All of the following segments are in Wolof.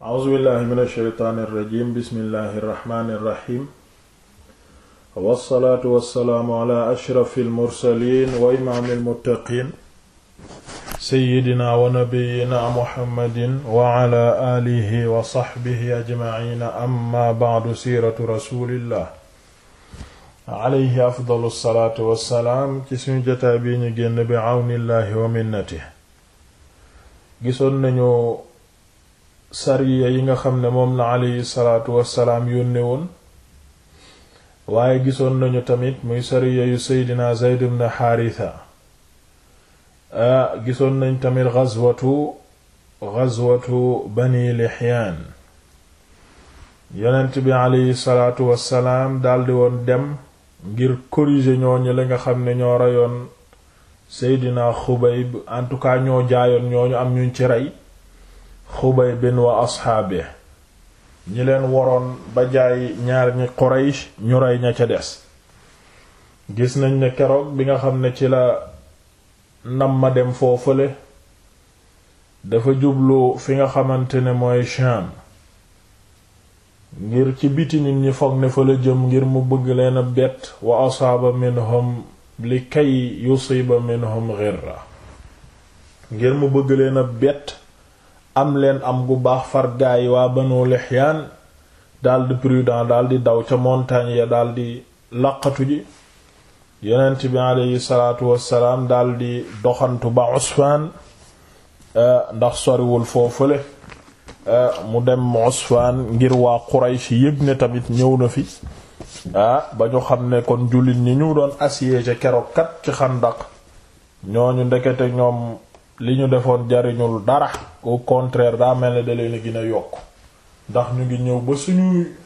a'uuzu billahi min alsheytaani irrajim bismillahi irrahmani irrahim wassalaatu wassalaamu ala ashrafi almursalin wa imaami almuttaqiin seyidina wa nabiyina muhammadin wa ala alihi wa saxbihi ajmaciina amma bacdu siiratu rasulillah alayhi afdalu alsalaatu wassalaam ci suñu jotaay bi ñu génn bi cawnillahi wa minnatihi gisoon nañu sariya yi nga xam ne moom la aleyhi salaatu wassalaam yónne woon waaye gisoon nañu tamit muy sariya yu seydina Zayd ibn Haritha gisoon nañ tamit ghazwatu ghazwatu Bani Lihyaan yonent bi aleyhi salaatu wassalaam daldi woon dem ngir corriger ñooñu la nga xam ne ñoo reyoon seydina Xubayb en tout cas ñoo jaayoon ñooñu am ñuñ ci rey xubaybin wa asxaabe ñi leen waroon ba jaay ñaar ñi quraysh ñu rey ña ca des gis nañ ne keroog bi nga xam ne ci la nam ma dem foofale dafa jublu fi nga xamante ne mooy chan ngir ci biti nit ñi foog ne fa la jëm ngir mu bëgg leen a bett wa asaaba minhum li kay yusiba minhum ghirra ngir mu bëgg leen bett am leen am gu baax far gaay waa Banu Lihyaan daldi prudent daldi daw ca montagne ya daldi laqatu ji yonent bi aleyhi salaatu wassalaam daldi doxantu ba Usfaan eh, ndax soriwul foofule eh, mu dem Usfaan ngir waa Quraysh yëg ne tamit ñëw na fi ah, ba ñu xam ne kon jullit ñi ñu doon assiégé keroog kat ci Xandaq ñooñu ndekete ñoom li ñu defoon jariñul dara au contraire daa mel ne da leen a yokk ndax ñu ngi ñëw ba suñuy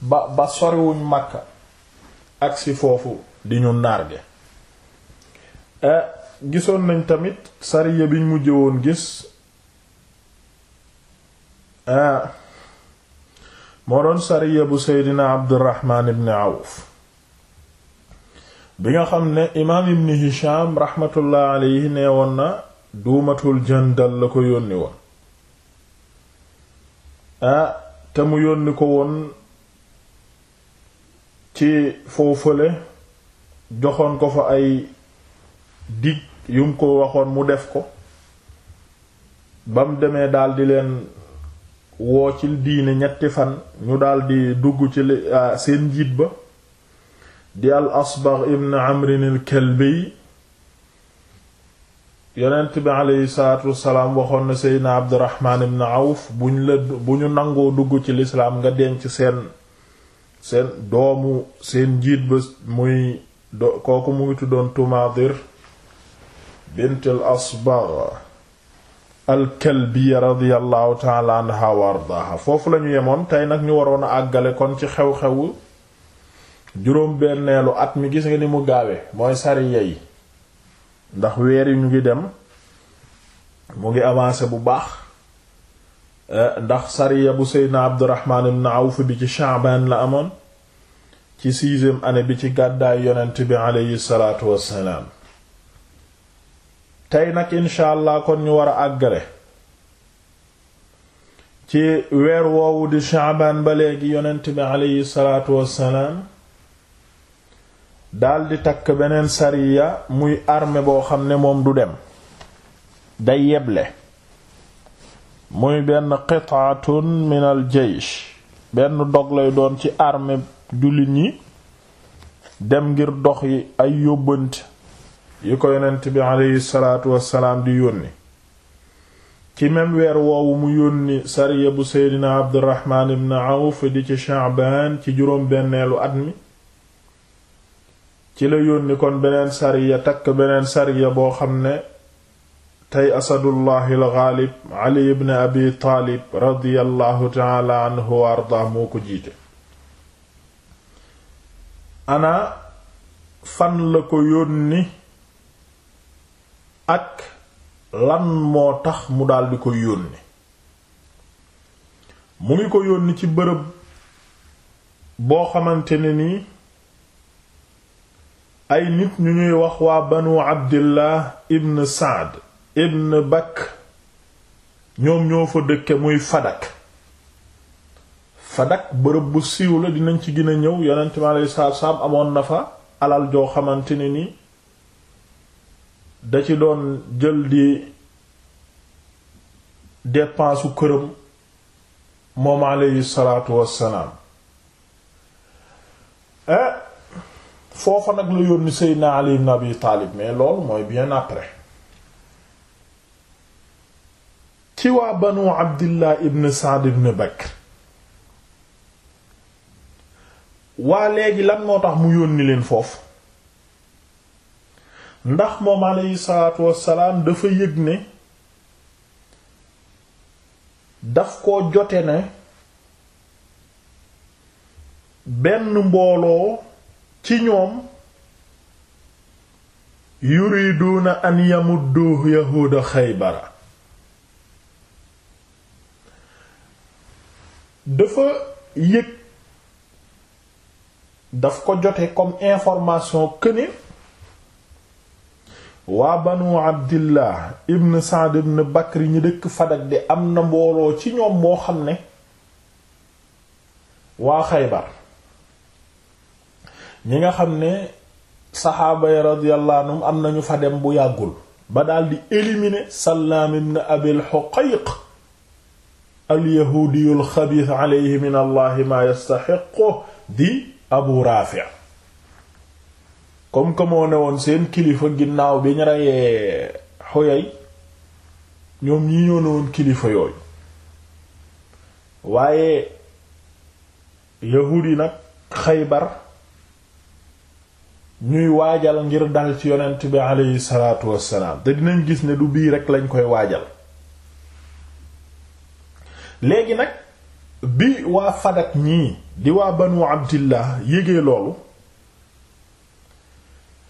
ba ba soriwuñ Makka agsi foofu di ñu narge eh, gisoon nañ tamit sariya biñ mujj woon gis eh, moo doon sariya bu Seydina Abdurrahman ibn Awf bi nga xam ne imaam Ibn Hisham rahmatullah alayhi nee woon na duumatul jandal la ko yónni woon ah te mu yónni ko woon ci foofale joxoon ko fa ay dig yum ko waxoon mu def ko ba demee daldi leen woo ci diine ñetti fan ñu daldi dugg ci seen njiit ba di al asbax ibn amrin al yonent bi aleyhi salaatu waxoon na seydna abdurahmaan ibn awf bu ñu la bu ñu nangoo dugg ci lislaam nga denc seen seen doomu seen njiit ba muy do kooku mu ngi tuddoon tumaadir bint al asbagh al kalbiya radiyallahu taala anha wa ardaaha foofu lañu yemoon tey nag ñu waroon a àggale kon ci xew-xewu juróom benneelu at mi gis nga ni mu gaawe mooy sariya yi ndax weer yi ñu ngi dem mu ngi avancé bu baax eh, ndax sariya bu seydna abdurrahman ibn awf bi ci sha'ban la amoon ci sixième année bi ci gàddaay yonent bi aleyhi salaatu wassalaam tey nag incha allah kon ñu war a àggale ci weer woowu di sha'ban ba léegi yonent bi aleyhi salaatu wassalaam daldi takk beneen sariya muy armée boo xam ne moom du dem day yeble muy benn qitaatun min al benn dog lay doon ci armée jullit ñi dem ngir dox yi ay yóbbant yi ko yonent bi aleyhi wassalaam di yónni ci même weer woowu mu yónni sariya bu seydina abdurrahmaan ibn awf di ci sha'baan ci juróom benneelu at mi ci la yónni kon beneen sariya takk beneen sariya boo xam ne tey asadullahi alxaalib ali ibn abi taalib radiyallahu taala anhu wa moo ko jiite ana fan la ko yónni ak lan moo tax mu daldi ko yónni mu ngi ko yónni ci bërëb boo xamante ne nii ay nit ñu ñuy wax waa banu abdillah ibn saad ibn bakk ñoom ñoo fa dëkke muy fadak fadak bërëb bu siiw la dinañ ci gën a ñëw yonent mi alayhi salaatu salaam amoon na fa alal joo xamante ne ni da ci doon jël di dépensu këram moom alayhi salaatu wassalaam eh, foofa nag la yónni Seydina Ali ibn Taalib mais loolu mooy bien après ci waa banu Abdillah ibn Sa'd ibn waa léegi lan moo tax mu yónni leen foofu ndax moom aleyhi salaatu wassalaam dafa yëg ne daf ko jote ne benn mbooloo ci ñoom yuriduuna an yamuddu yahuuda xaybara dafa yëg daf ko jote comme information këne waa banu abdillah ibn saad ibn bakr ñi dëkk fadak di am na mbooloo ci ñoom moo xam ne waa xaybar ñi nga xam ne saxaaba yi radiyallahu anhum am nañu fa dem bu yàggul ba daldi di éliminer Sallaam Abil Huqayq al-yahuudiyul xabiis min Allahi maa yastaxiqu di Abu Raafi comme que ne woon seen kilifa ginnaaw bi ñu reyee Huyay ñoom ñi ñoo ne woon kilifa yooyu waaye yahuud nag Xaybar ñuy waajal ngir dal ci yonent bi aleyhi salaatu wassalaam te dinañ gis ne du bii rek lañ koy waajal léegi nag bi waa Fadak ñii di waa Banu Abdillah yégee loolu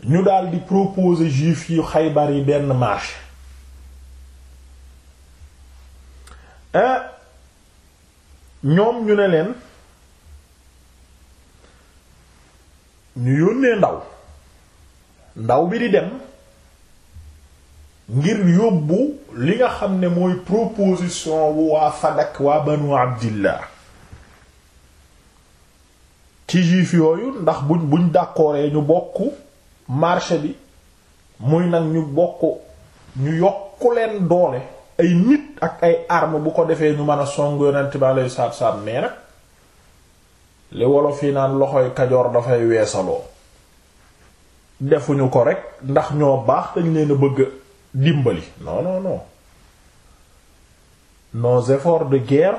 ñu daal di juif yu Xaybar yi benn marche eh, ñoom ñu ne leen ñu yónnee ndaw ndaw bi di dem ngir yóbbu li nga xam ne mooy proposition wu waa Fadak waa Banu Abdillah ci juif yooyu ndax buñ buñ d'accordee ñu bokk marché bi muy nag ñu bokk ñu yokku leen doole ay nit ak ay arme bu ko defee ñu mën a song yonent bi aleyhi salaatu salaam mais nag li wolof yi naan loxoy kajoor dafay weesaloo defuñu ko rek ndax ñoo baax dañ leen a bëgg dimbali non non non nos efforts de guerre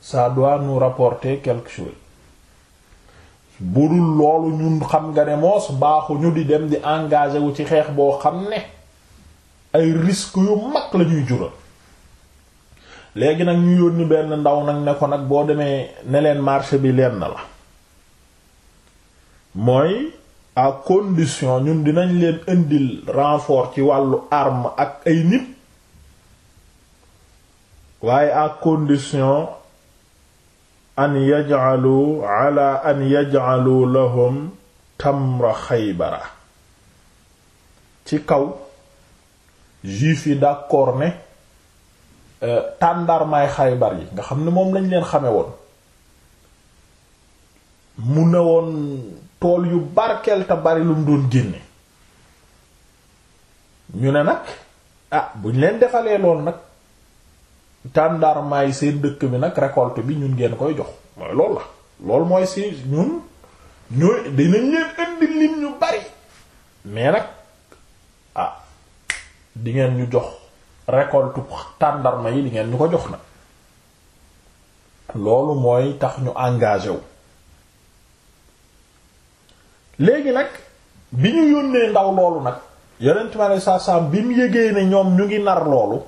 ça doit nous rapporter quelque chose bu dul loolu ñun xam nga ne moos baaxuñu di dem di engagé wu ci xeex boo xam ne ay risques yu mag la ñuy jural léegi nag ñu yónni benn ndaw nag ne ko nag boo demee ne leen marché bi leen na la mooy à condition ñun dinañ leen indil renfort ci wàllu arme ak ay nit waaye à condition an yaj'alu ala an yaj'alu lahum tamra xaybara ci kaw juif yi d'accord ne euh, tàndarmaay xaybar yi nga xam ne moom lañ leen xame woon mu ne woon tool yu barkeel bari lu mu doon génne ñu ne nag ah buñ leen defalee lool nag tàndarmaay seen dëkk bi nag récolte bi ñun ngeen koy jox mooy lool la lool mooy si ñun ñooy dinañ leen ñu bari mais nag a ah, di ngeen ñu jox récolte tàndarma yi di ngeen ñu ko jox nag loolu mooy tax ñu engagé wu léegi nag bi ñu yónnee ndaw loolu nag yonent bi mu yégee ne ñoom ñu ngi nar loolu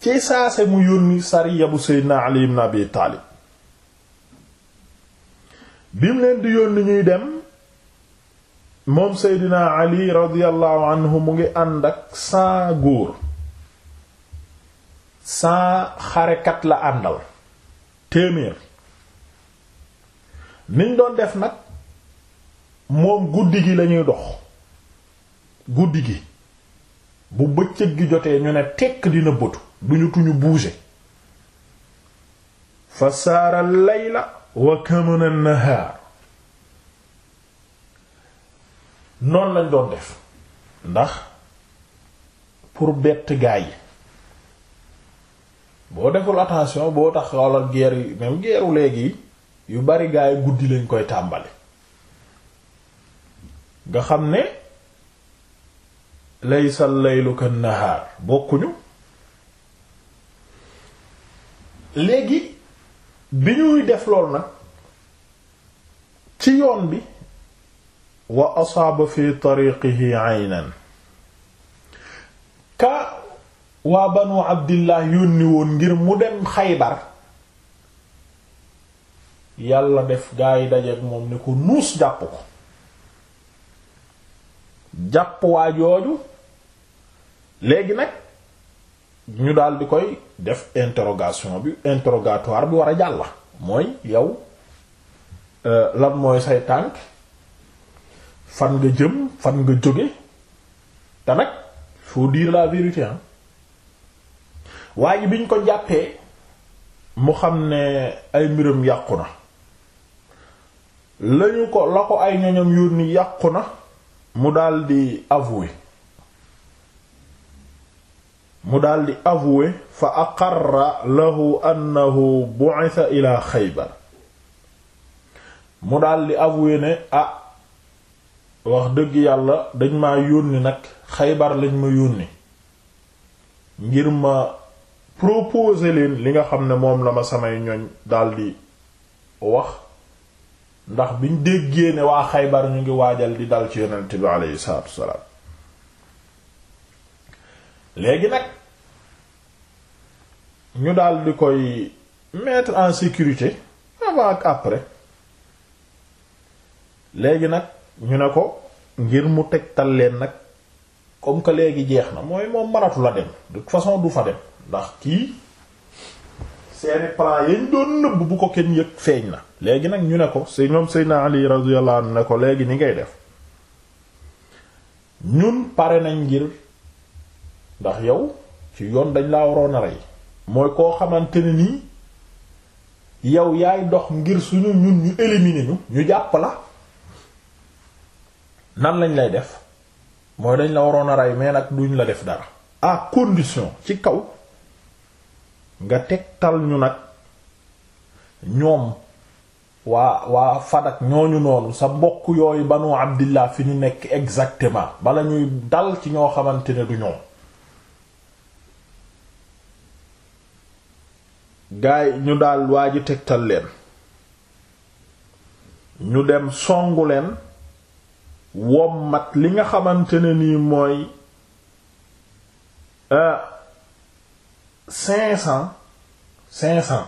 ci saase mu yónni sariya bu Seydina Ali ibn Abi Taalib bi mu leen di yónni ñuy dem moom Seydina Ali radiyallahu anhu mu ngi ànd ak cent góor cent xarekat la àndal téeméer niñ doon def nag moom guddi gi lañuy dox guddi gi bu bëccëg gi jotee ñu ne tekk dina bëtu duñu tuñu bouger fa saara layla wa kamana nahaar noonu lañ doon def ndax pour bett gaa yi boo deful attention boo tax xoolal guerre yi même léegi yu bari gaay guddi lañ koy tàmbali nga xam ne laysa laylu kan nahaar bokkuñu léegi bi ñuy def lool nag ci yoon bi wa asaaba fi tariqihi aynan ka waa banu abdillah yónni woon ngir mu dem xaybar yàlla def gaa yi dajeek moom ni ko nuus jàpp ko jàpp waa jooju léegi nag ñu daal di koy def interrogation bi interrogatoire bi war a jàll mooy yow euh, lan mooy say tànk fan nga jëm fan nga jóge te nag faut dire la vérité ah waa ji biñ ko jàppee mu xam ne ay mbiram yàqu na lañu ko la ko ay ñoñam yónni yàqu na mu daldi avouer mu daldi avouer fa aqarra lahu annahu bu'itha ila xaybar mu daldi avouer ne ah wax dëgg yàlla dañ ma yónni nag xaybar lañ ma yónni ngir ma proposer leen li nga xam ne moom la ma samay ñoñ daldi wax ndax bi ñu déggee ne waa xaybar ñu ngi waajal di dal ci yonent bi aleyhi salaatu wassalaam léegi nag ñu daal di koy metre en sécurité avant ak après léegi nag ñu ne ko ngir mu tegtal leen nag comme que léegi jeex na mooy moom maratu dem de façon du fa dem ndax kii seeni plan yañ doon nëbb bu ko kenn yëg feeñ na léegi nag ñu ne ko si ñoom Seydina Ali radiyallahu anhu ne ko léegi ni ngay def ñun pare nañ ngir ndax yow ci yoon dañ la waroon a rey mooy koo xamante ne nii yow yaay dox ngir suñu ñun ñu éliminer ñu ñu jàpp la nan lañ lay def mooy dañ la waroon a rey mais nag duñ la def dara à condition ci kaw nga tegtal ñu nag ñoom waa waa Fadak ñooñu noonu sa mbokk yooyu banu abdillah fi ñu nekk exactement bala ñuy dal ci ñoo xamante ne du ñoom gaay ñu daal waa ji tegtal leen ñu dem songu leen wommat li nga xamante nii mooy ah cinq cent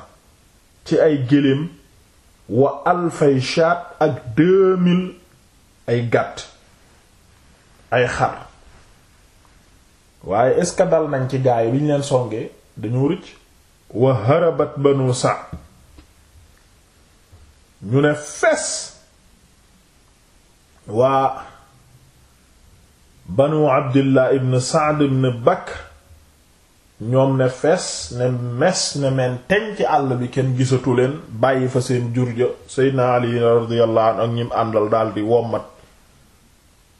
ci ay gëléem wa alfay shaat ak deux ay gàtt ay xar waaye est dal nañ ci gaay bi ñu leen songee dañu rëcc wa harabat banu Sa'd ñu ne fes waa banu Abdillah ibn Sa'd ibn Bakr ñoom ne fes ne mes ne men teñ ci àll bi kenn gisatu leen bàyyi fa seen jur ja Seydina Ali radiyallahu anhu ak ñim àndal daldi wommat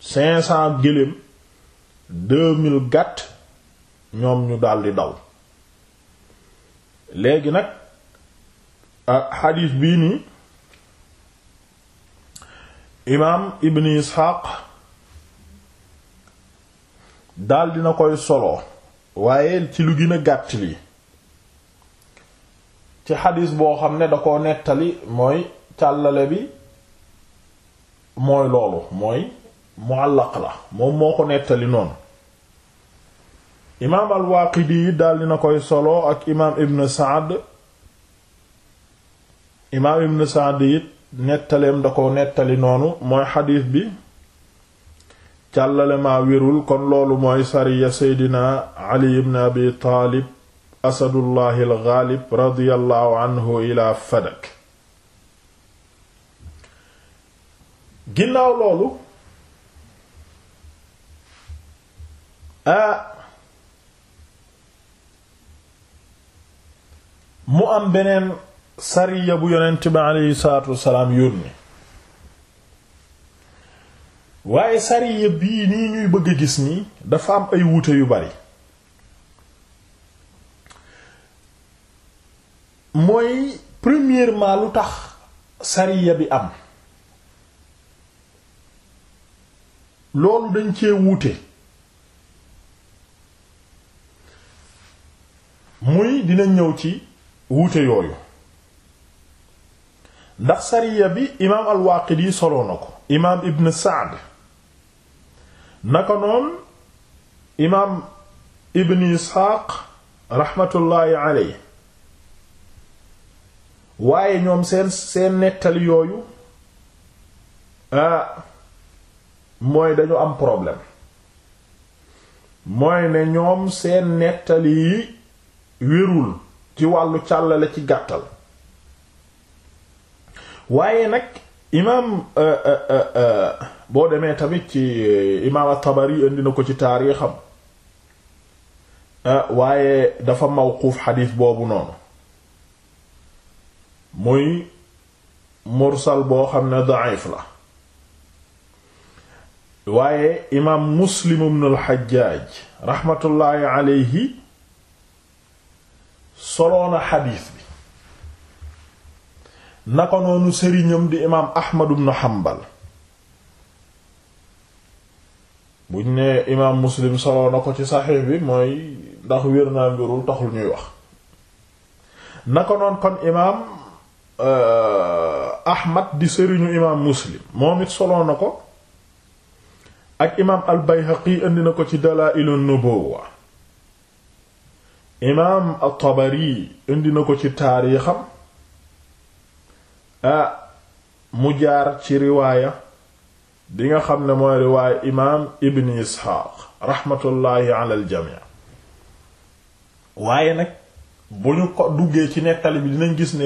cinq cent ñoom ñu daldi daw léegi nag xadiis bii nii imaam Ibn Isxaaq daldi na koy solo waaye ci lu gën gàtt li ci xadis boo xam ne da ko nettali mooy càllale bi mooy loolu mooy muallaq la moom moo ko nettali noonu imaam al-Waaqidi yi daldi na koy solo ak imaam ibn Saad imaam ibn Saad it nettaleem da ko nettali noonu mooy xadis bi càllale maa wérul kon loolu mooy sariya seydina ali ibn abi taalib asadullahi alxaalib radiyallahu anhu ila fadak ginnaaw loolu a mu am sariya bu yonent bi aleyhi waaye sariya bii nii ñuy bëgg a gis nii dafa am ay wuute yu bari mooy premièrement lu tax sariya bi am loolu dañ cee wuute muy dina ñëw ci wuute yooyu ndax sariya bi imaam al yi soloo na ko imaam Ibn Sa'd naka noon imaam ibni isxaaq raxmatullaahi aley waaye ñoom seen seen nettali yooyu mooy dañu am problème mooy ne ñoom seen nettali yi wérul ci wàllu càll la ci gàttal waaye nag imaam boo demee tamit ci eh, imaam at-Tabari indi na ko ci taarixam eh, waaye dafa mawquuf xadiis boobu noonu muy mursal boo xam ne da'if la waaye imaam Muslim ibn al-Hajjaj raxmatullaahi aleyhi soloona xadiis bi naka noonu sëriñam di imaam Ahmad ibn buñ ne imaam muslim soloo na ko ci saxiix bi mooy ndax wér naa mbirul taxul ñuy wax naka noon kon imaam euh, ahmad di sëriñu imaam muslim moom it soloo na ko ak imaam al bayhaqi indi na ko ci dalaa'ilu nubuwa imaam at-tabari indi na ko ci taariixam ah mu jaar ci riwaaya bi nga xam ne mooy riwaaya imaam ibn isxaaq raxmatullaahi ala aljamii waaye nag bu ñu ko duggee ci nettali bi dinañ gis ne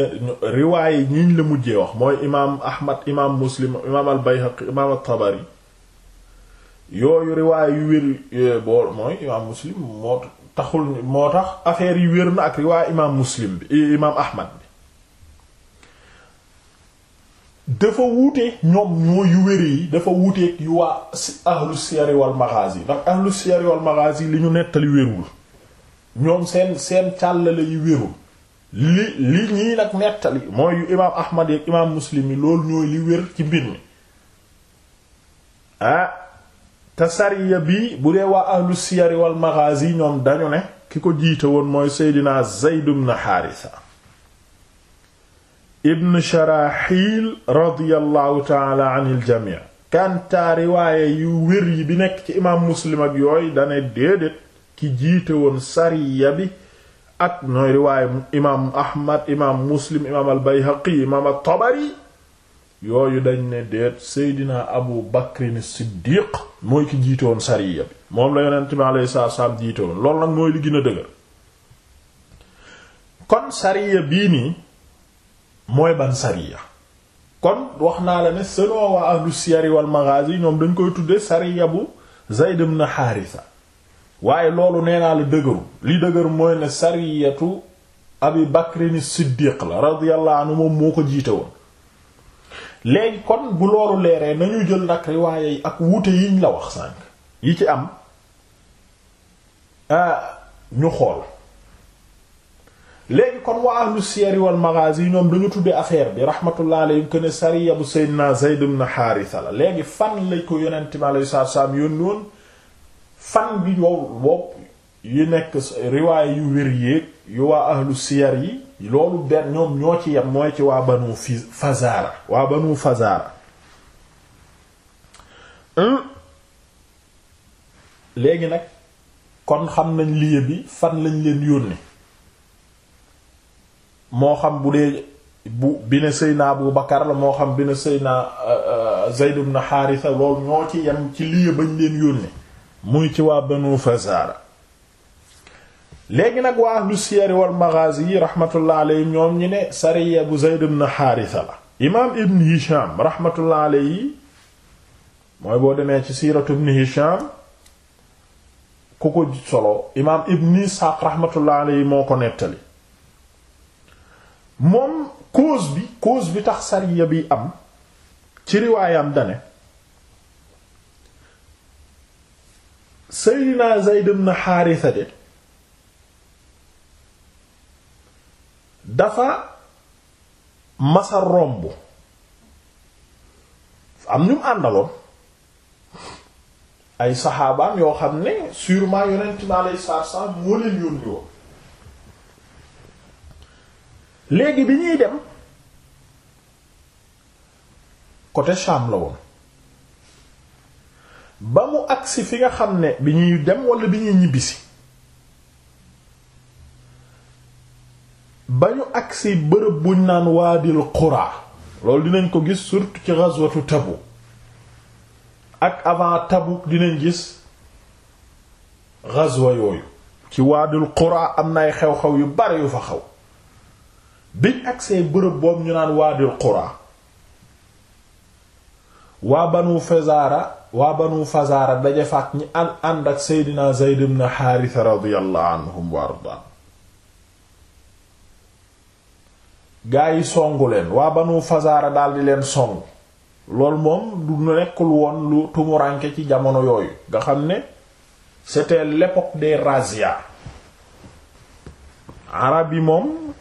riwaaya yi ñiñ la mujjee wax mooy imaam ahmad imaam muslim imaam al imaam al yooyu riwaaya yu wér eh, boo mooy imaam muslim moo taxul moo tax affaire yi wér na ak riwaaya imaam muslim eh, imaam ahmad dafa wuute ñoom ñoo yu wére yi dafa wuuteeg yu waa ahlu siyar wal maghazi ndax ahlu siyar wal maghazi li ñu nettali wérul ñoom seen seen càllale yi wérul li li ñii nettali mooy yu imaam ahmad yeeg imaam muslim yi loolu ñooy li wér ci mbir mi ah te sariya bi bu dee waa ahlu siyar wal maghazi ñoom dañu ne ki ko jiite woon mooy seydina zayd ibn haarisa ibn sharaxil radiallahu taala an il kantaa riwaaye yu wér yi bi nekk ci imaam muslim ak yooyu dane déedéet ki jiite woon sariya bi ak nooy riwaaye imaam ahmad imaam muslim imaam al imaam al yooyu dañ ne déet seydina abu bakrin siddiq mooy ki jiite woon sariya bi moom la yonent bi alayhi salaatu jiite woon loolu nag mooy li gën a dëgër kon sariya bii nii mooy ban sariya kon wax naa la ne selon waa ahlu siyari wal ñoom dañ koy tuddee sariya bu Zayd na Haarisa waaye loolu nee naa la dëgëru li dëgër mooy ne sariyatu Abi Bakrin Siddiq la radiyallahu anhu moom moo ko jiite woon léegi kon bu loolu leeree nañu jël nag riwaaya yi ak wuute yiñ la wax sànk yi ci am ah, ñu xool léegi kon waa ahlu yi wal maghazi ñoom duñu tuddee affaire bi rahmatullah alayhim que ne sariya bu sayyidina Zayd ibn Haritha la léegi fan lañ ko yonent mi alayhi salaatu salaam yónni woon fan bi wow bopp yi nekk riwaay yu wér yéeg yu waa ahlu siyar yi loolu benn ñoom ñoo ci yem mooy ci waa banu Fazara waa banu Fazara léegi nag kon xam nañ lieu bi fan lañ leen yónni moo xam bu dee bu bi ne Seyna Abu Bakar la moo xam bi ne Seyna euh, euh, Zayd ibn Haarisa loolu ñoo ci yem ci lii bañ leen yónnee muy ci waa Banu Fazaara léegi nag waa ahlu siyar wal maghazi rahmatullah alayhim ñoom ñi ne sariya bu Zayd ibn Haarisa la imaam Ibn Hisham rahmatullah alayhi mooy boo demee ci siiratu Ibn Hisham ku ko solo imaam Ibn Isxaaq rahmatullah alayhi moo ko nettali moom cause bi cause bi tax sariya bi am ci riwaayam dane Seydina Zayd ibn Haarisa de dafa masa romb am ñu àndaloon ay saxaabaam yoo xam ne sûrement ma bi alayhi salaatu wa salaam moo leen yónni woon léegi bi ñuy dem côté Sham la woon ba mu agsi fi nga xam ne bi ñuy dem walla bi ñuy ñibbisi ba ñu agsi bërëb buñ naan waadil Qura loolu dinañ ko gis surtout ci ghazwatu Tabuk ak avant Tabuk dinañ gis ghazwa yooyu ci waadil Qura am na ay xew-xew yu bare yu fa xaw biñ agsee bërëb boobu ñu naan waadil qura waa banu fazaara waa banu fazaara daje faat ñi an ànd ak seydina zayd ibn xaarisa radiyallahu anhum wa gaa yi songu leen waa banu fazaara daldi leen songu lool moom du nekkul woon lu tumuranke ci jamono yooyu nga xam ne c'était l'époque de razzias arab yi moom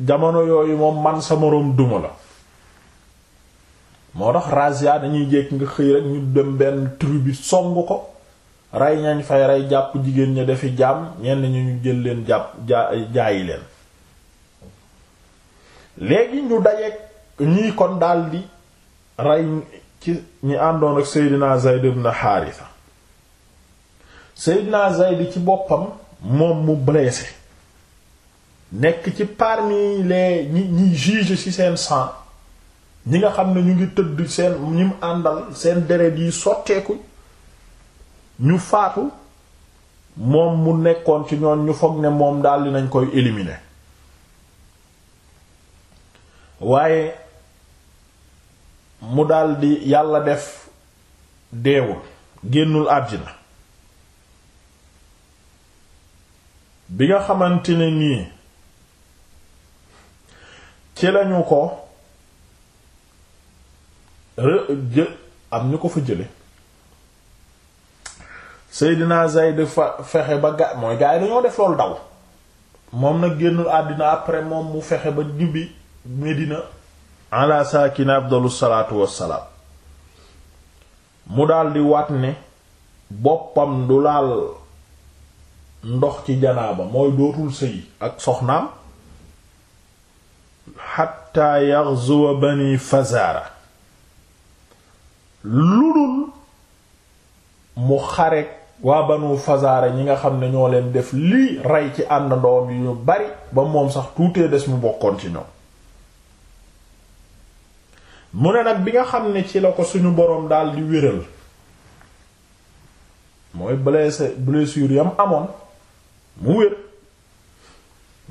jamono yooyu moom man sa moroom duma la moo tax razzia dañuy jékk nga xëy rek ñu dem benn tribu song ko rey ñañ fay rey jàpp jigéen ña defi jaam ñenn ñu ñu jël leen jàpp jaayi leen léegi ñu dajeek ñuy kon daldi rey ci ñi àndoon ak Seydina Zayd ibn Haarisa Seydina ci boppam moom mu blessé nekk ci parmi les ñi ñi juge ci seen sang ñi nga xam ne ñu ngi tëdd seen ñi àndal seen deret yi sotteeku ñu faatu moom mu nekkoon ci ñoon ñu foog ne moom daldi nañ koy éliminer waaye mu daldi yàlla def deewul génnul àddina bi nga xamante ne nii ci lañu ko jë am ñu ko fa jële Seydina Zayd fa fexe ba ga mooy gaa dañoo def loolu daw moom na génnul àddina après moom mu fexe ba ñibbi Medina ala saakina afdalu wassalaam mu daldi waat ne boppam du laal ndox ci janaaba mooy dootul sëy ak soxnaam xatta yaxzuwa bani fazaara lu dul mu xare waa banu fazaara ñi nga xam ne ñoo leen def lii rey ci ànd ndoom yu ñu bari ba moom sax tuutee des mu bokkoon ci ñoom mu ne nag bi nga xam ne ci la ko suñu boroom daal di wéral mooy blessé blessure yam amoon mu wér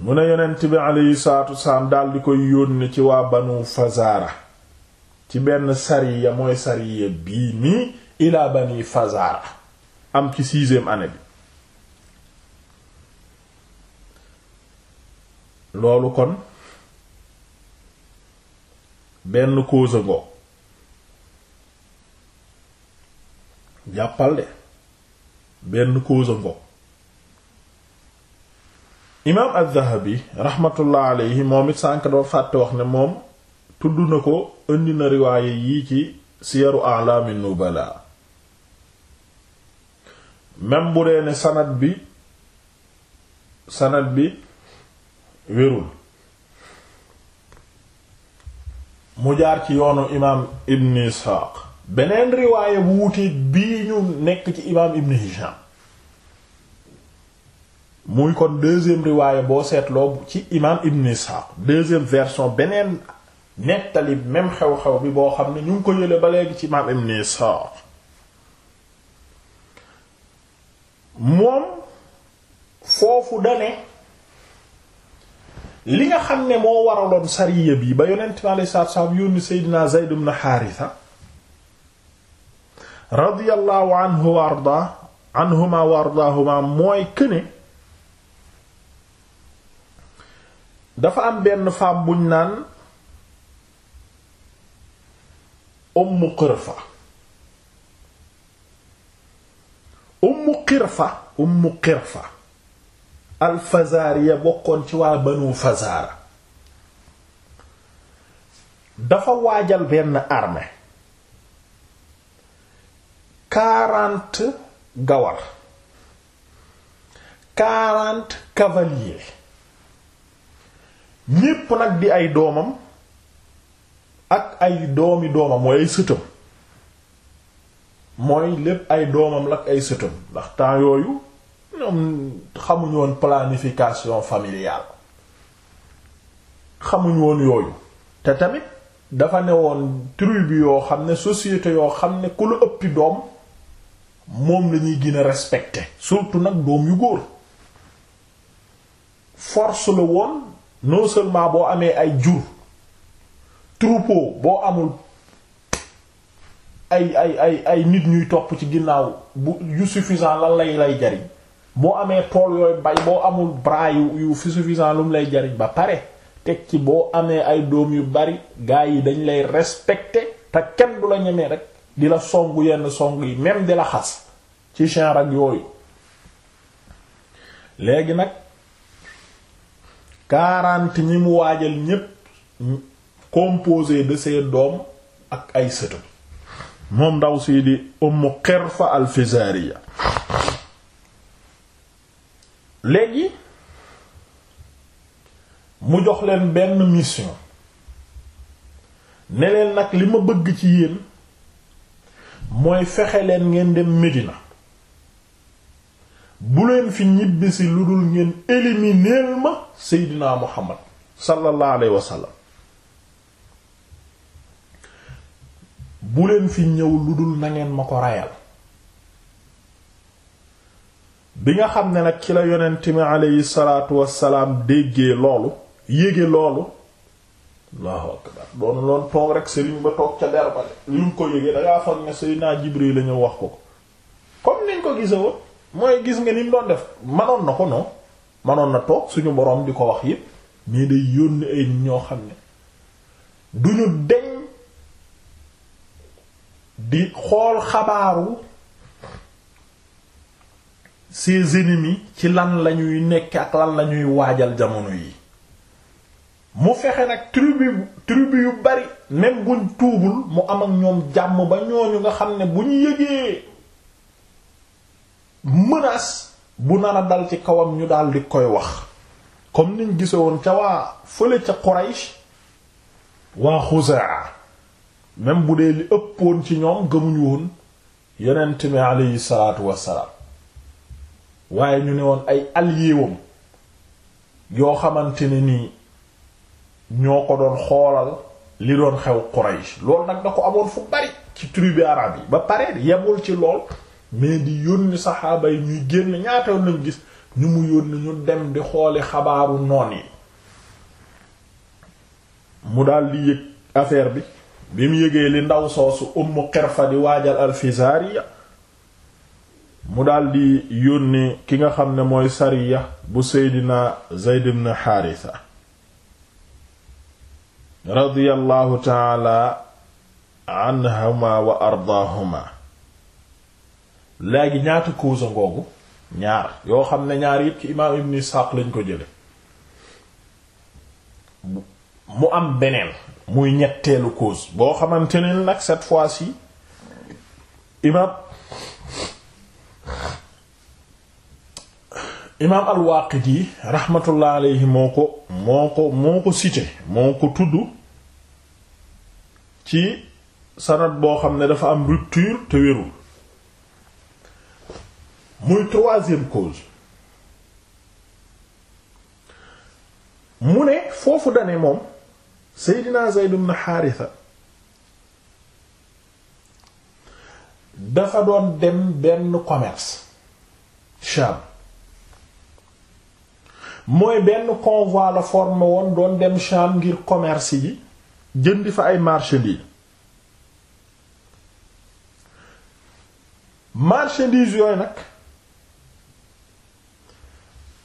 mu ne yonent bi aleyhi salaatu wasalaam daldi koy yónni ci waa banu fazaara ci benn sariya mooy sariya bii nii ilaa bani fazaara am ci sixième anne bi loolu kon benn cause ngo jàppal benn cause ngo imaam al-Dhahabi rahmatullah alayhi moom it sànk dafa fàtte wax ne moom tudd na ko indi na riwaaye yii ci siyaru a'laami bala même bu dee ne sanad bi sanad bi wérul mu jaar ci yoonu imaam ibn Isxaaq beneen riwaaye bu wuteeg bii ñu nekk ci imaam ibn Hisham muy kon deuxième riwaaya boo seetloo ci imaam Ibn Ishaq deuxième version beneen nettali même xew-xew bi boo xam ne ñu ngi ko yële ba léegi ci imaam Ibn Ishaq moom foofu dane li nga xam ne moo waraloon sariya bi ba yonent bi alayhi salaatu salaam yónni Seydina Zayd ibn Haarisa radiyallahu anhu wa ardaa anhuma wa ardaahuma mooy këne dafa am benn femme buñ naan Ummu Qirfa Ummu Qirfa Ummu Qirfa al-Fazaariya bokkoon ci waa Banu Fazaara dafa waajal benn armée quarante gawar quarante cavaliers ñépp nag di ay doomam ak ay doomi doomam mooy ay sëtam mooy lépp ay doomam lak ay sëtam ndax temps yooyu ñoom xamuñu woon planification familiale xamuñu woon yooyu te tamit dafa ne woon tribu yoo xam ne société yoo xam ne ku la ëppi doom moom lañuy gën a respecté surtout nag doom yu góor force la woon non seulement boo amee ay jur troupeau boo amul ay ay ay ay nit ñuy topp ci ginnaaw bu yu suffisant lan lay lay jariñ boo amee tool yooyu bay boo amul bras yu yu fi suffisant lu mu lay jariñ ba pare teg ci boo amee ay doom yu bari gaa yi dañ lay respecter te kenn du la ñemee rek di la songu yenn songu yi même di la xas ci genre ak yooyu léegi nag quarante ñi mu waajal ñépp composé de ses doom ak ay sëtam moom ndaw si di Umm xerfa al-Fizariya léegi mu jox leen benn mission ne nag li ma bëgg ci yéen mooy fexe leen ngeen dem Medina bu fi ñibbisi lu dul ngeen élimineel ma seydinaa muhammad sallallahu alayhi wa fi ñëw lu dul na ma ko rayal bi nga xam ne nag ci la yonent mi aleyhi salaatu wassalaam déggee loolu yéege loolu allahu akbar toog rek sëriñ ba toog ca der ba li mu ko yéege dangaa foog ne seydinaa jibril la ñu wax ko ko comme niñ ko gise woon mooy gis nga ni doon def manoon na ko non manoon na toog suñu boroom di ko wax yépp mais day yónni ay ñoo xam ne duñu deñ di xool xabaaru ses ennemis ci lan lañuy nekk ak lan lañuy waajal jamono yi mu fexe nag tribu tribu yu bari même buñ tuubul mu am ak ñoom jàmm ba ñooñu nga xam ne bu ñu yëgee menace bu nana a dal ci kawam ñu daal di koy wax comme niñ gise woon ca waa fële ca Quraysh waa Xuzaa même bu dee li ëppoon ci ñoom gëmuñu woon yonent mi aleyhi salaatu waaye ñu ne woon ay alliéwam yoo xamante ne nii ñoo ko doon xoolal li doon xew Quraysh loolu nag da ko amoon fu bari ci tribu arab yi ba pare yemul ci lool mais di yónni saxaaba yi ñuy génn ñaata yoon gis ñu mu yónni ñu dem di xooli xabaaru noon yi mu daal yëg affaire bi bi mu yëgee li ndaw soosu Ummu Qirfa di waajal alfisaariya mu daldi di yónni ki nga xam ne mooy sariya bu Seydina Zayd ibn Haarisa radiyallahu taala anhuma wa ardaahuma léegi ñaata cause ngoogu ñaar yoo xam ne ñaar yépp ci imaam ibn Ishaq lañ ko jële mu am beneen muy ñetteelu cause boo xamante ne nag cette fois yi imaam imaam al-Waaqidi rahmatullah alayhi moo ko moo ko moo ko cité moo ko tudd ci sanad boo xam ne dafa am rupture te wérul muy troisième cause mu ne foofu dane moom Seydina Zayd ibn Haritha dafa doon dem benn commerce Sham mooy benn convoi la formé woon doon dem Sham ngir commerce yi jëndi fa ay marchandises marchandises yooyu nag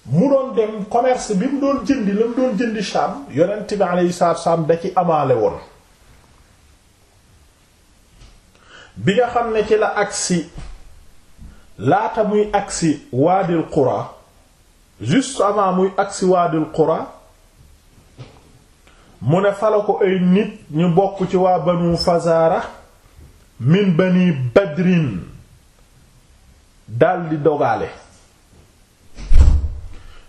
mu doon dem commerce bi mu doon jëndi la mu doon jëndi Sham yonent bi alayhi salaatu salaam da ci amaale woon bi nga xam ne ci la agsi laata muy agsi waadil qura juste avant muy agsi waadil qura mu ne fala ko ay nit ñu bokk ci waa banu fazaara min bani badrin daldi dogale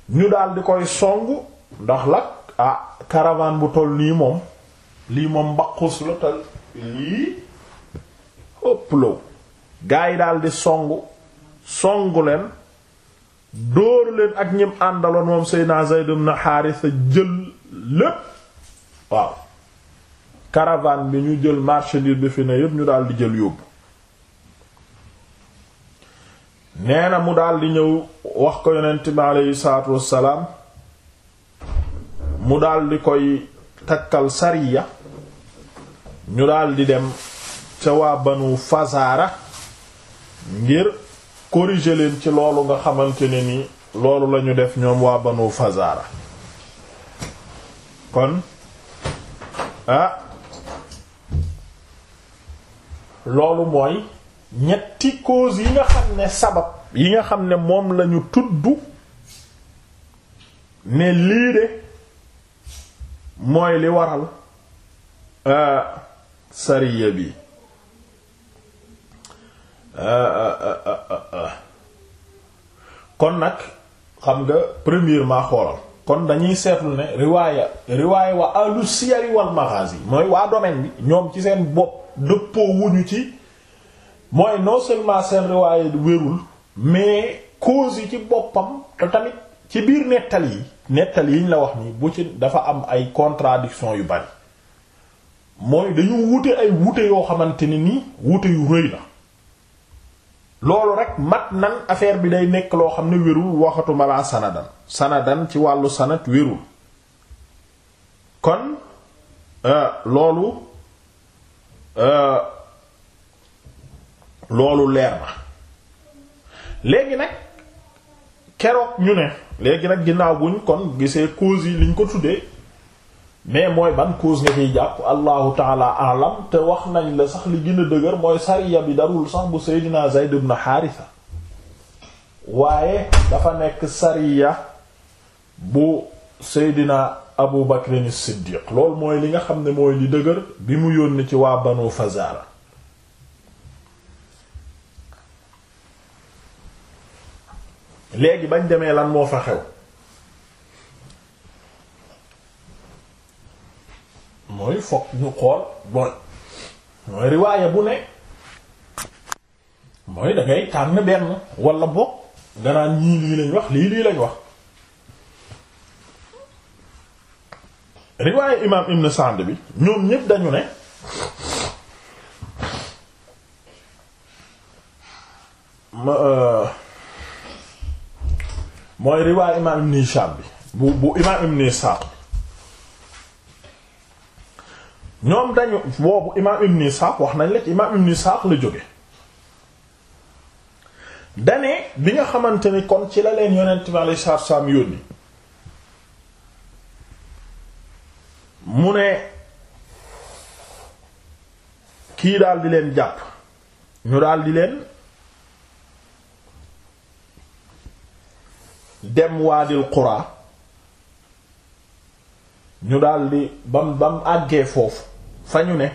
ñu daal di koy songu ndax lag ah caravane bu toll nii moom lii moom mbaqus la tal lii ëpp law gaa yi daal di songu songu leen dóor leen ak ñim àndaloon moom Seydina Zayd ibn Haarisa jël lépp waaw caravane bi ñu jël marchandise bi fi ne yépp ñu daal jël yóbbu nee mu daldi ñëw wax ko yonent bi aleyhi salaatu wassalaam mu daldi koy takkal sariya ñu daldi dem ca waa banu fasaara ngir corriger ci loolu nga xamante ne ni loolu lañu def ñoom waa banu fazaara kon ah loolu mooy ñetti cause yi nga xam ne sabab yi nga xam ne moom lañu tudd ne lii de mooy li waral euh, sariya bi euh, euh, kon nag xam nga premièrement xoolal kon dañuy seetlu ne riwaaya riwaaya waa alu siyari wal maghazi mooy waa domaine bi ñoom ci seen bopp dëppoo wuñu ci mooy non seulement seen riwaaye wérul mais cause yi ci boppam te tamit ci biir nettal yi nettal yiñ la wax nii bu ci dafa am ay contradiction yu bari mooy dañu wute ay wute yoo xamante ni nii wute yu rëy la loolu rek mat nan affaire bi day nekk loo xam ne wérul waxatuma laa sanadan sanadan ci wàllu sanat wérul kon euh, loolu euh, loolu leer na léegi nag keroog ñu ne léegi nag ginnaaw buñ kon gisee cause yi liñ ko tuddee mais mooy ban cause nga fiy jàpp allahu taala alam te wax nañ la sax li gën a dëgër mooy sariya bi darul sax bu Seydina Zayd na Haarisa waaye dafa nekk sariya bu Seydina Abu Bakr siddiq loolu mooy li nga xam ne mooy li dëgër bi mu yónni ci waa Banu Fazara léegi bañ demee lan moo fa xew mooy fokk ñu xool bon mooy riwaaya bu ne mooy da ngay tànn benn wala bokk nga naan ñii lii lañ wax lii lii lañ wax riwaaya imaam Ibn Sa'd bi ñoom ñépp dañu ne ma euh, mooy riwaay imaam ibn Hishaam bi bu bu imaam ibn Isaaq ñoom dañu boobu imaam ibn Isaaq wax nañ la ci imaam ibn Isaaq la jóge dane bi nga xamante ni kon ci la leen yonent bi alayhi salaatu salaam yónni mu ne kii daal di leen jàpp ñu daal di leen dem waadil xuraa ñu daldi bam bam àggee foofu fa ñu ne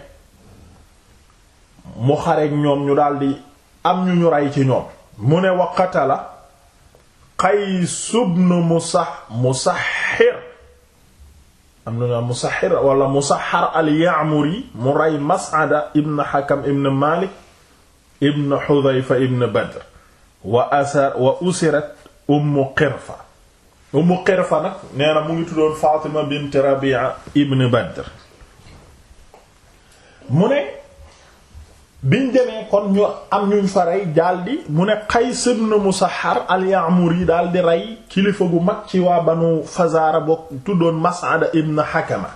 mu xareeg ñoom ñu daldi am ñu ñu rey ci ñoom mu ne wa qatala Qays ibn Musah Musahhir am na Musahhir wala Musahhar al-Ya'muri mu rey Mas'ada ibn Hakam ibn Malik ibn Hudhayfa ibn Badr wa asar wa usirat ummu qirfa ummu qirfa nag nee na tuddoon fatima bint rabia ibn badr mu ne biñ kon ñu am ñuñ fa rey daldi mu ne qays ibn musahhar al-ya'muri daldi rey kilifa gu mag ci waa banu fazara bokk tuddoon mas'ada ibn hakama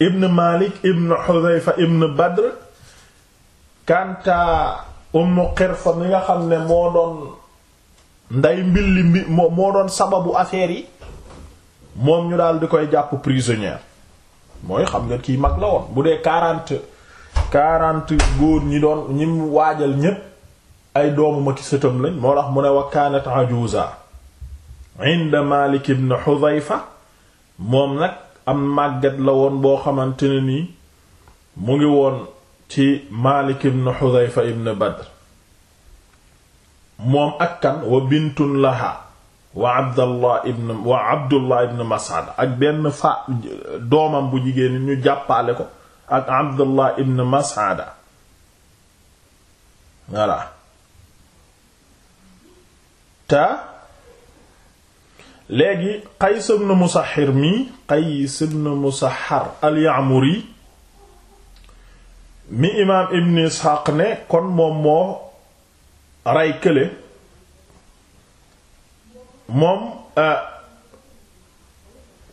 ibn malik ibn hudhayfa ibn badr kanta ummu qirfa mi nga xam ne moo doon nday mbilli mbi moo moo doon sababu affaire yi moom ñu daal di koy jàpp prisonnière mooy xam nga kii mag la woon bu dee quarante quarante góor ñi doon ñi mu waajal ñépp ay doomu ma ki sëtam lañ moo tax mu ne wa kanat ajuza inda Malik ibn Hudhayfa moom nag am màgget la woon boo xamante ne nii mu ngi woon ci Malik ibn Hudhayfa ibn Badr moom akkan kan wa bintun laha wa abdallah ibn wa abdullah ibn mas'ad ak benn fa doomam bu jigéen ñu jàppale ko ak abdullah ibn mas'ada voilà te léegi qays ibn musahhir mi qays ibn musahhar al mi imaam ibn isxaaq ne kon moom moo rey kële moom euh,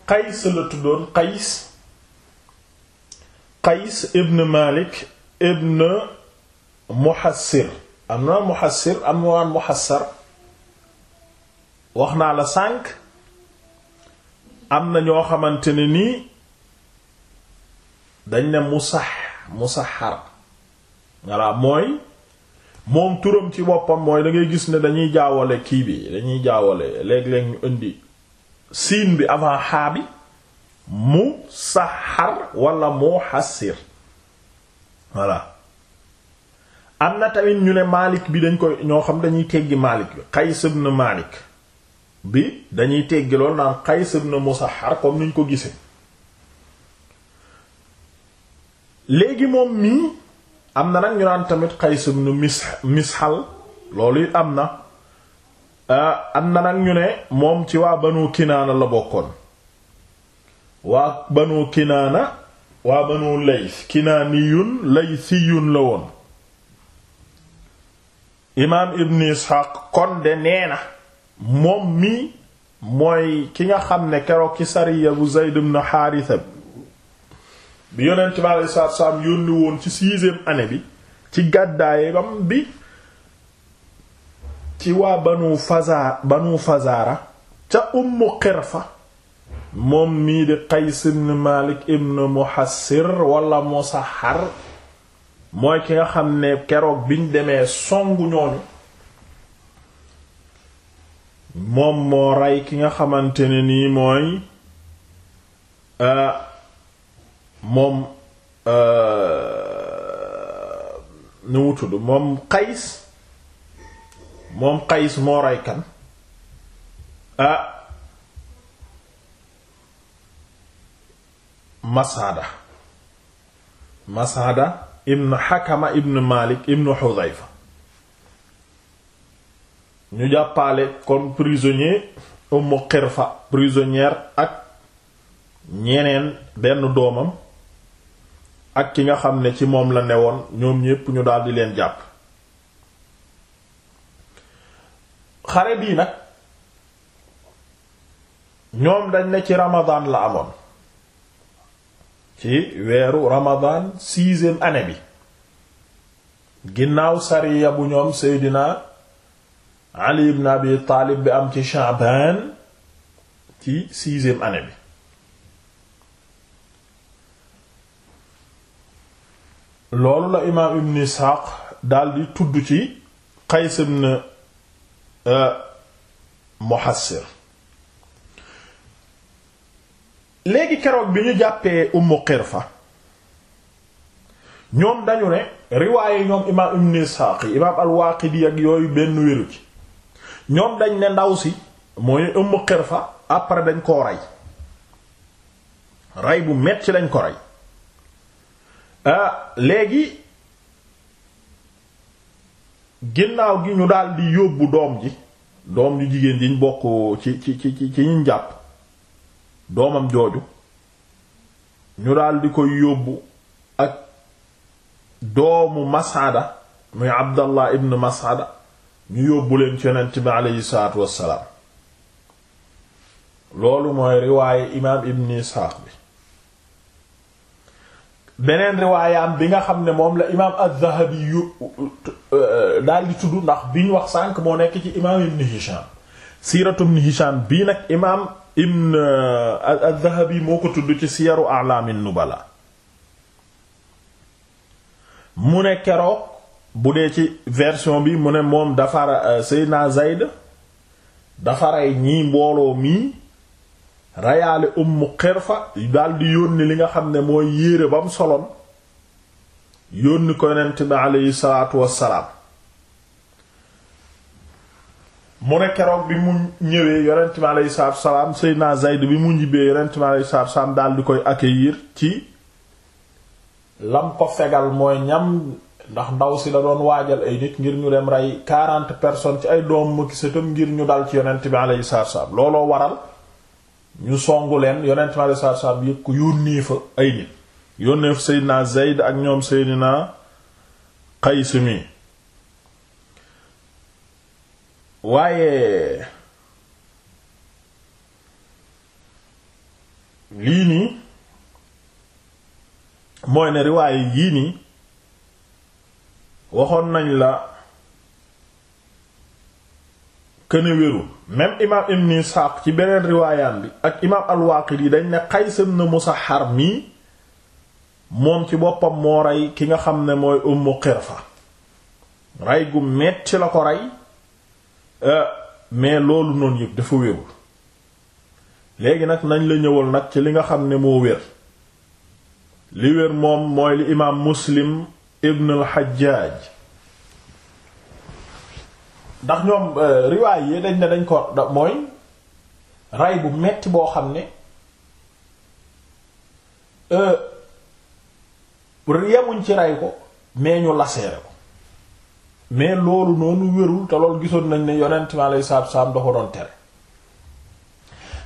qays la tuddoon qays qays ibn malik ibn muhassir am na muhassir am na muhassar wax naa la sànk am na ñoo xamante ne nii dañ ne musax musaxar walla mooy moom turam ci boppam mooy dangay gis ne dañuy jaawale kii bi dañuy jaawale léeg-léeg ñu indi siin bi avant xaa bi mu saxar wala mu xasir voilà am na tamit ñu ne Malik bi dañ koy ñoo xam dañuy teggi Malik bi Qays ibn Malik bi dañuy teggi lool naan Qays ibn Musaxar comme niñ ko gisee léegi moom mii am na nag ñu naan tamit Qays ibn mis mishal loolu it am na ah, am na nag ñu ne moom ci waa banu kinaana la bokkoon waa banu kinaana waa banu lays kinaaniyun laysiyun la woon imaam ibn isxaaq kon de nee na moom mii mooy ki nga xam ne keroog ci sariya bu Zayd ibn Haarisa bi bi yonent bi alayhi salaatu salaam woon ci sixième année bi ci gàddaayam bi ci waa banu faza banu fazaara ca ummu xirfa moom mii di qays ibn malik ibn muhassir wala musahar mooy ki nga xam ne keroog biñ demee songu ñooñu moom moo rey ki nga xamante nii mooy euh, moom euh, nu mu tudd moom Qays moom Qays moo rey kan ah Masada ibn Hakama ibn Malik ibn Hudhayfa ñu jàppale kon prisonnier Umm Qirfa prisonnière ak ñeneen benn doomam ak ki nga xam ne ci moom la ne woon ñoom ñépp ñu daldi leen jàpp xare bii nag ñoom dañ ne ci ramadan la amoon ci weeru ramadan sixième année bi ginnaaw sariya bu ñoom seydina ali ibn abi taalib bi am ci sha'ban ci sixième année bi loolu la imaam ibn Isxaaq daldi tudd ci Qays ibn euh, Muhassir léegi keroog bi ñu jàppee Ummu Qirfa ñoom dañu ne riwaaye ñoom imaam ibn Isxaaq yi imaam al-Waaqidi ak yooyu benn wéru ci ñoom dañ ne ndaw si mooy Ummu Qirfa après dañ koo rey rey bu metti lañ ko rey Ah, léegi ginnaaw gi ñu daldi yóbbu doom ji doom ju jigéen ji bokk ci ci ci ñu jàpp doomam jooju ñu daal di koy yóbbu ak doomu Mas'ada muy Abdallah ibn Mas'ada ñu yóbbu leen ci yonent bi aleyhi salaatu wassalaam loolu mooy riwaaye imaam ibn Isxaaq bi beneen riwaayaam bi nga xam ne moom la imaam az-Zahabi yu euh, daal di tudd ndax bi ñu wax sànq moo nekk ci imaam Ibn Hisham siiratu Ibn Hisham bii nag imaam Ibn euh, az-Zahabi moo ko tudd ci siyaru a'lamin nubala mu ne kero bu dee ci version bi mu ne moom dafa euh, Seydina Zayd dafa rey ñii mbooloo mii rayaale Ummu Xirfa daldi yónni li nga xam ne mooy yéere mu soloon yónni ko yonent bi aleyhi salaatu wassalaam mu ne keroog bi mu ñëwee yonent bi aleyhi salaatu wassalaam Seydina Zayd bi mu ñibbee yonent bi aleyhi salaatu wassalaam di koy accueillir ci lam ko fegal mooy ñam ndax ndaw si la doon waajal ay nit ngir ñu dem rey quarante personnes ci ay doom ma gisatam ngir ñu dal ci yonent bi aleyhi salaatu wassalaam looloo waral ñu songu leen yonent ma saa saa bi yëg yónnee fa ay nit yónnee fa Seydina Zayd ak ñoom Seydina Qays mi waaye lii nii mooy ne riwaaye yii nii waxoon nañ la këne wérul même imam ibn Ishaq ci beneen riwaayaan bi ak imam al yi dañ ne Qays ibn Musahhar mii moom ci boppam moo rey ki nga xam ne mooy Ummu Qirfa rey gu metti la ko rey euh, mais loolu noonu yëpp dafa wérul léegi nag nañ la ñëwal nag ci li nga xam ne moo wér li wér moom mooy li imaam Muslim ibn al ndax ñoom euh, riwaay yi dañ ne dañ ko mooy rey bu metti boo xam ne euh, yemuñ ci rey ko mais ñu laseere ko mais loolu noonu wérul te loolu gisoon nañ ne yonent mi alayhi salaatu salaam da ko doon tere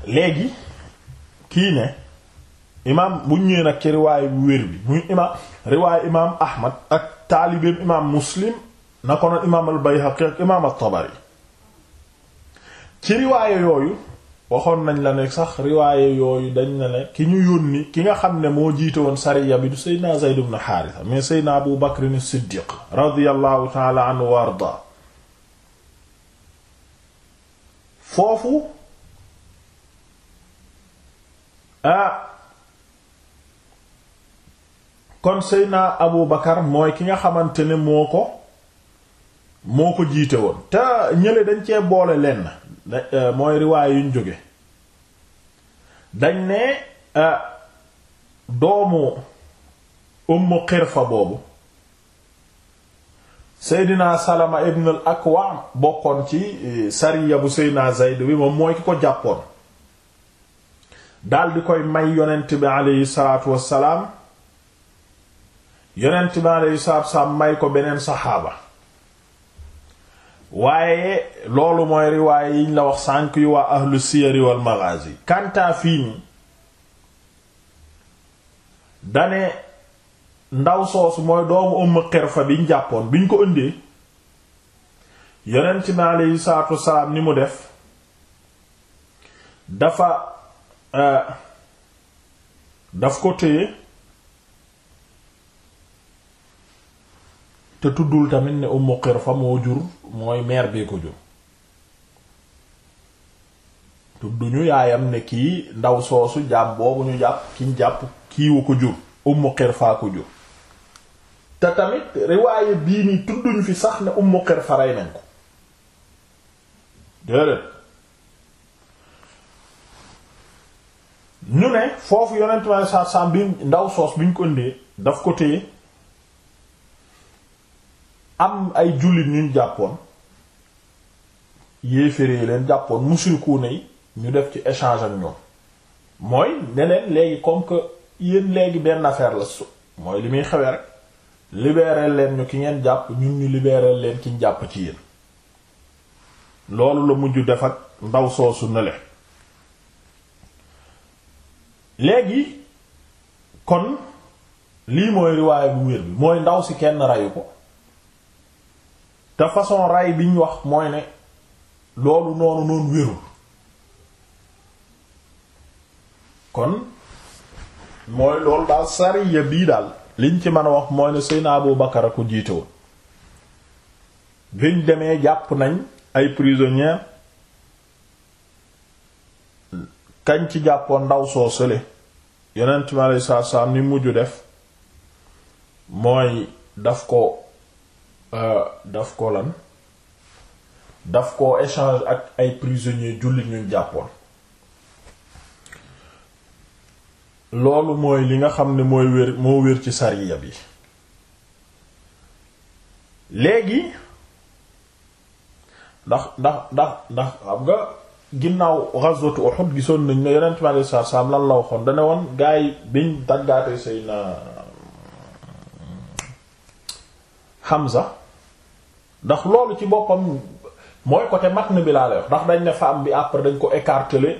léegi kii ne imaam bu ñëwee nag ci riwaay bu wér bi muy imaam riwaay imaam Ahmad ak taalibeem imaam Muslim na ko al-Bayhaqi ak imaam at-Tabari ci riwaaye yooyu waxoon nañ la ne sax riwaaye yooyu dañ na ne ki ñu yónni ki nga xam ne moo jiite woon sariya bi du Seydina Zayd ibn Haarisa mais Seydina Abu Bakr as-Siddiq radiyallahu ta'ala anhu wa arda foofu ah kon Seydina Abu Bakr mooy ki nga xamante ne moo ko moo ko jiite woon te ñële dañ cee boole lenn euh, mooy riwaay yuñ jóge dañ ne euh, doomu Ummu Xirfa boobu Seydina Salama ibn Akwa bokkoon ci euh, sariya bu Seydina Zayd bi moom mooy ki ko jàppoon daal di koy may yonent bi aleyhi salaatu wassalaam yonent bi aleyhi salaatu wassalaam may ko beneen saxaaba waaye loolu mooy riwaay yiñ la wax sànk yu waa ahlu siyari wal maghazi kantaa fii ni dane ndaw soosu mooy doomu umm xirfa biñ jàppoon biñ ko ëndee yonent bi aleyhi salaatu wasalaam ni mu def dafa euh, daf ko téye te tuddul tamit ne Ummu Qirfa moo jur mooy mère bee ko jur tudduñu yaayam ne kii ndaw soosu jàpp boobu ñu jàpp kiñ jàpp kiiwu ko jur Ummu Qirfa ko jur te tamit riwaaye bii nii tudduñu fi sax ne Ummu fa rey nañ ko déedéet ñu ne foofu yonentu Yàlla sa sam bi ndaw soos bi ñu ko ëndee daf ko téye am ay jullit ñuñ jàppoon yéeféree leen jàppoon musrikuune yi ñu def ci échange ak ñoom mooy ne léegi comme que yéen léegi benn affaire la su mooy li muy xewee rek libérer leen ñu ki ngeen jàpp ñu ñu libérer leen ki jàpp ci yéen loolu la mujj def ak ndaw soosu nele léegi kon lii mooy riwaaya bu wér bi mooy ndaw si kenn rayu ko te façon ray biñ wax mooy ne loolu noonu noonu wérul kon mooy loolu daal sariya bii daal liñ ci mën a wax mooy ne Seydina Abu Bakar a ko jiite woon biñ demee jàpp nañ ay prisonniers kañ ci jàppoon ndaw soo sële yonent mi aleyhi salaatu salaam ni mujj def mooy daf ko Euh, daf ko lan daf ko échange ak ay prisonniers jullit ñu jàppoon loolu mooy li nga xam ne mooy wér moo wér ci sariya bi léegi ndax ndax ndax ndax xam nga ginnaaw ghazwatu Uhud gisoon nañ ne yonent bi sallallahu alayhi wasallam lan la waxoon dane woon gaa yi biñ daggaate Seydina Hamza ndax loolu ci boppam mooy côté matn bi laa lay ndax dañ ne femme bi après dañ ko écartelé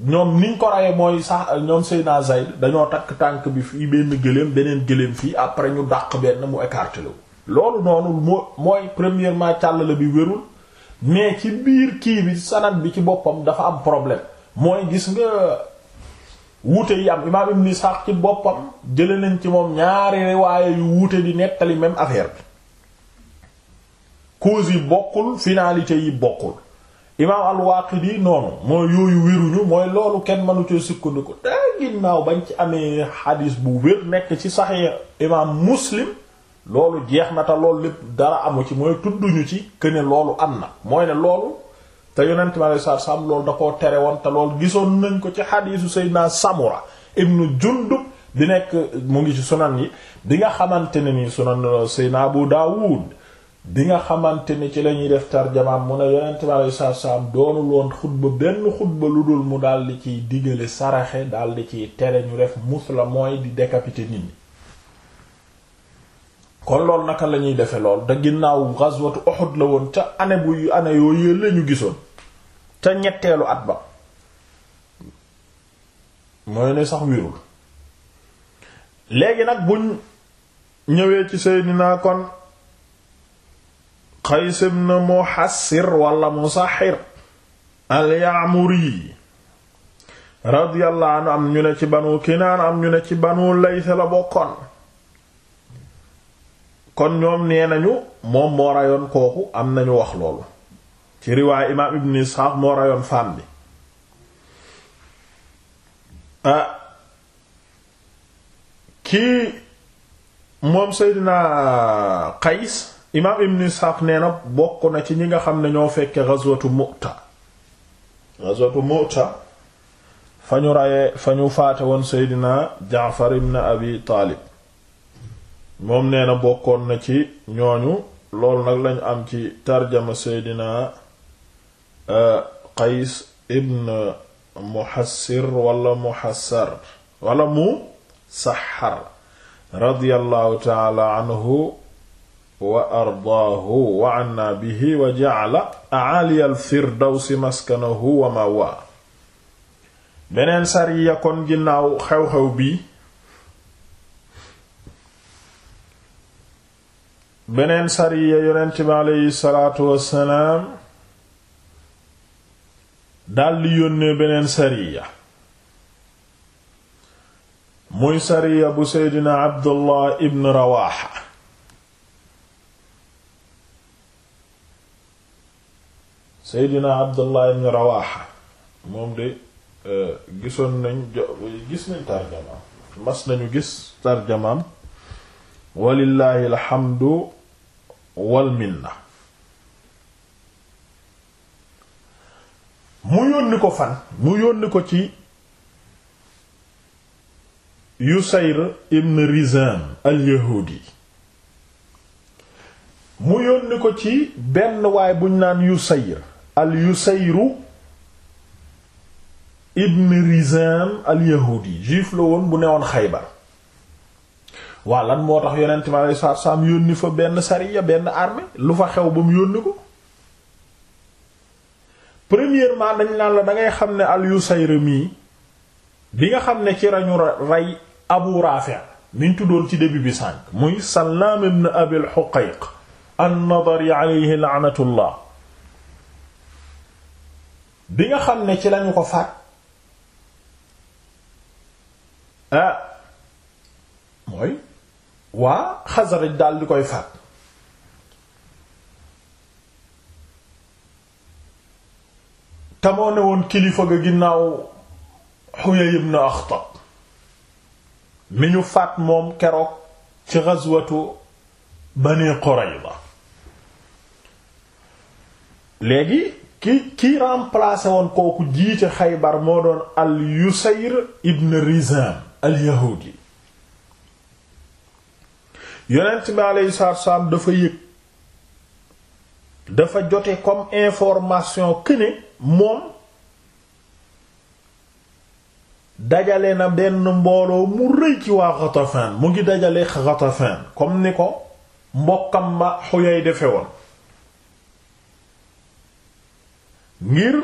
ñoom niñ ko raye mooy sax ñoom Seydina Zayd dañoo takk tànk bi fii benn gëléem beneen gëléem fii après ñu dàq benn mu écartelé wu. loolu noonu moo mooy premièrement càllale bi wérul mais ci biir kii bi sanad bi ci boppam dafa am problème mooy gis nga wuute yi am imaam Ibn Ishaq ci boppam jëlee nañ ci moom ñaari riwaaya yu wuute di nekkali même affaire bi. cause yi bokkul finalité yi bokkul imaam al-Waaqidi noonu mooy yooyu wéruñu mooy loolu kenn mënu cee sukkandiku te ginnaaw bañ ci amee xadiis bu wér nekk ci Sahih imaam Muslim loolu jeex na te loolu lépp dara amu ci mooy tudduñu ci que loolu am na mooy ne loolu te yonent mi alayhi salaatu salaam loolu da ko tere woon te lool gisoon nañ ko ci xadiisu Seydina Samura ibnu Jundub di nekk mu ngi ci sunan yi di nga xamante ne ni sunan Seydina bu Daawud bi nga xamante ni ci lañuy def tarjamaam mu ne yonent bi alei saatu salaam doonul xutba benn xutba lu dul mu daldi ciy digale saraxe daldi ciy tere ñu def musla mooy di décapiter nit ñi kon loolu naka la defe lool te ginnaaw ghazwatu Uhud la woon ca année bu année yooyu la ñu gisoon ca ñetteelu at ba mooy ne sax wirul léegi nag buñ ñëwee ci Seydina kon Qays ibn Muhassir wala Musahhir al-Ya'muri am ñu ne ci banu Kinaan am ñu ne ci banu Layth la bokkoon kon ñoom nee nañu moom moo rayoon kooku am nañu wax loolu ci riwaay imaam Ibn Isxaaq moo rayoon fànn bi ah, kii moom Seydina Qays imaam ibn Isxaaq nee na bokk na ci ñi nga xam ne ñoo fekke ghazwatu Mu'ta ghazwatu Mu'ta fa ñu rayee fa ñu faate woon Seydina Jaafar ibn Abi Taalib moom neena bokkoon na ci ñooñu loolu nag lañu am ci tarjama Seydina euh, Qays ibn Muhassir wala Muhassar wala mu Sahar radiyallahu ta'ala anhu wa ardaahu wa anna bihi wa ja'ala a'ali al-firdawsi maskanahu wa ma'waahu beneen sariya kon ginnaaw xew bi beneen sariya yonent bi daldi yónnee beneen sariya muy sariya bu seydina Abdullah ibn Rawaaha Seydina Abdullah ibn Rawaha moom de euh, gisoon nañ gis nañ tarjamaam mas nañu gis tarjamaam walillahi alhamdu wal mu yónni ko fan mu yónni ko ci Yusayr ibn Rizam al-Yahudi mu yónni ko ci benn waay buñ naan Yusayr al yusayru rizam al yahudi juif la woon bu newoon xaybar waa lan moo tax yonent mi alei satu salaam yónni fa benn sariya benn armée lu fa xew ba mu yónni ko premièrement dañ naan la dangay xam ne al yusayru mii bi nga xam ne ci rañu rey abu raafi niñ tuddoon ci début bi sànq muy sallaam ibn abil xuqayq an nadari alayhi laanatullah bi nga xam ne ci lañu ko faat ah mooy waa Xasraj daal di koy faat te ne woon kilifa ga ginnaaw Huyay ibn Akhtab mi ñu faat moom keroog ci ghazwatu Bani Qurayza léegi ki ki remplacé woon kooku jiite Xaybar moo doon al Yusayr ibn Rizam al yahudi yonent bi aleyhi salaatu dafa yëg dafa jote comme information que moom dajale na benn mbooloo mu rëy ci waa Ghatafan mu ngi dajale Ghatafan comme ni ko mbokkam ma Huyay defe woon ngir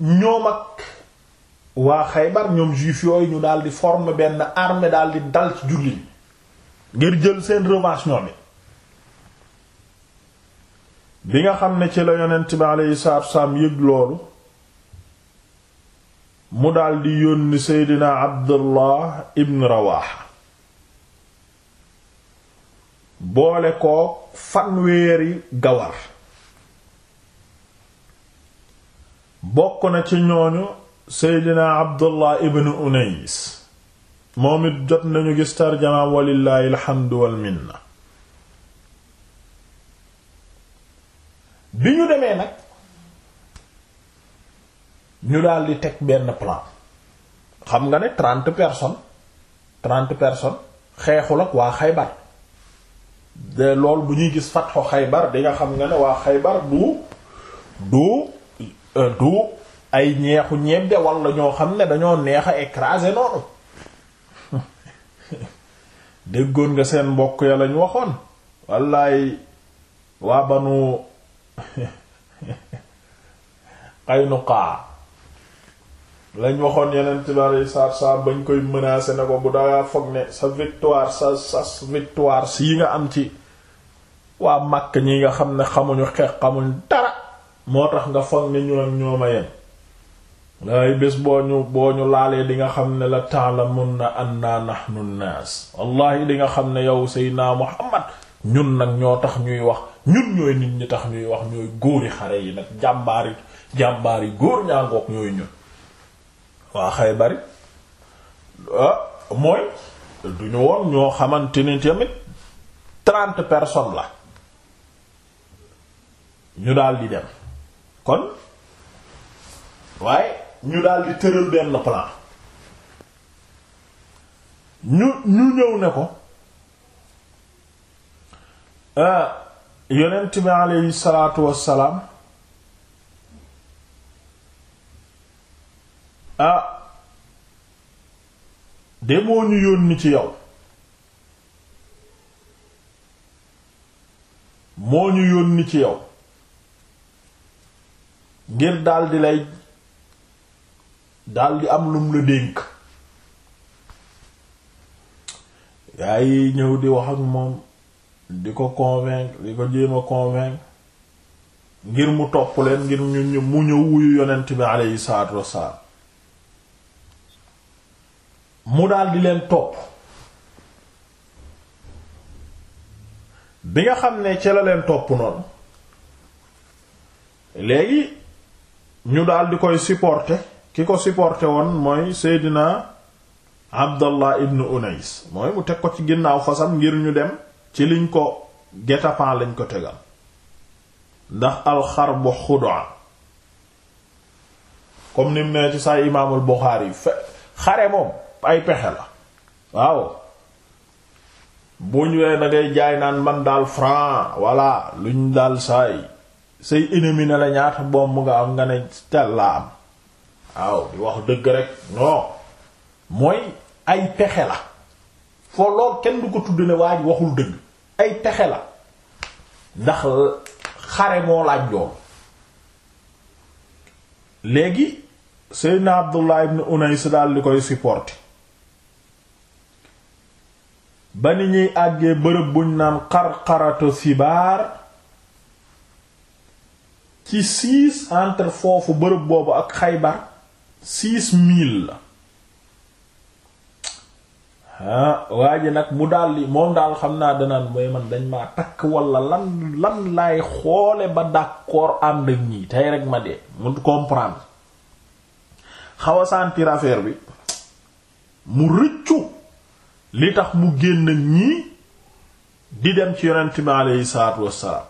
ñoom ak waa Xaybar ñoom juif yooyu ñu daldi forme former benn armée daal dal ci jullit ngir jël seen revanche ñoom bi nga xam ne ci la yonent bi aleyhi salaatu wasalaam yëg loolu mu daldi di yónni Seydina Abdullah ibn Rawaha boole koo fanweeri gawar bokk na ci ñooñu seydina abdullah ibn unays moom it jot nañu gis tarjamaam walillaahi alxamdu walminna bi ñu demee nag ñu daldi teg benn plan xam nga ne trente person trente personnes xeexul ak waa Xaybar lool bu ñuy gis fatxu xaybar di nga xam nga ne waa xaybar du du euh, du ay ñeexu ñebbe wala ñoo xam ne dañoo neex a écrasé noonu déggoon nga seen mbokk ya lañ waxoon wallaay waa banu Qaynuqa lañ waxoon yeneen yi saar saar bañ koy menacé na ko bu dangaa foog ne sa victoire sa sa victoire si nga am ci waa màkk ñi nga xam ne xamuñu xeex xamuñ dara moo tax nga foog ne ñu ak ñooma yem laay bés boo boo ñu laalee di nga xam ne la ta'lamunna anna nahnu naas wallahi di nga xam ne yow Seydina Muhammad ñun nag ñoo tax ñuy wax ñun ñooy nit ñi tax ñuy wax ñooy góori xare yi nag jàmbaar yi góor ñaangook ñooy ñun waa Xaybar ah, mooy du ñu woon ñoo xamante ni tamit trente personnes la ñu daal di dem kon waaye ñu daal di tëral benn plan ñu ñu ñëw ne ko ah, yonent bi aleyhi salaatu wassalaam ah demoo ñu yónni ci yow moo ñu yónni ci yow ngir daldi lay daldi am lum la dénk gaa yi ñëw di wax moom di ko convaincre di ko jéem a ngir mu topp leen ngir ñu mu ñëw wuyu yonent bi aleyhi salaatu wassalaam mu daal di leen topp bi nga xam ne ci la leen topp noonu léegi ñu daal di koy supporter ki ko supporter woon mooy Seydina Abdallah ibn Unais mooy mu teg ko ci ginnaaw fasam ngir ñu dem ci liñ ko guet lañ ko tegal ndax alxarbu xud'a comme nim ne ci saa imaamul Buxaari yi fe xare moom ay pexe la waaw buñ wee da ngay jaay naan man daal franc walla luñ daal saay say ennemi ne la ñaata bomb nga am nga ne tel la am waaw di wax dëgg rek non mooy ay pexe la foo lool kenn du ko tudd ne waa waxul dëgg ay pexe la ndax xare moo laaj lool léegi Seydina Abdullah ibn Unais daal di koy supporter ba ni ñuy àggee bërëb buñ naan xarxaratu sibaar ci six entre foofu bërëb boobu ak xaybar six mille la ah waa ji nag mu daldi moom daal xam naa danaan mooy man dañ maa takk walla lan lan laay xoole ba d'accord ànd ak ñi tey rek ma dee mu comprendre xaw a bi mu rëccu li tax mu génn ñii di dem ci yonent yi aleyhi salaatu wassalaam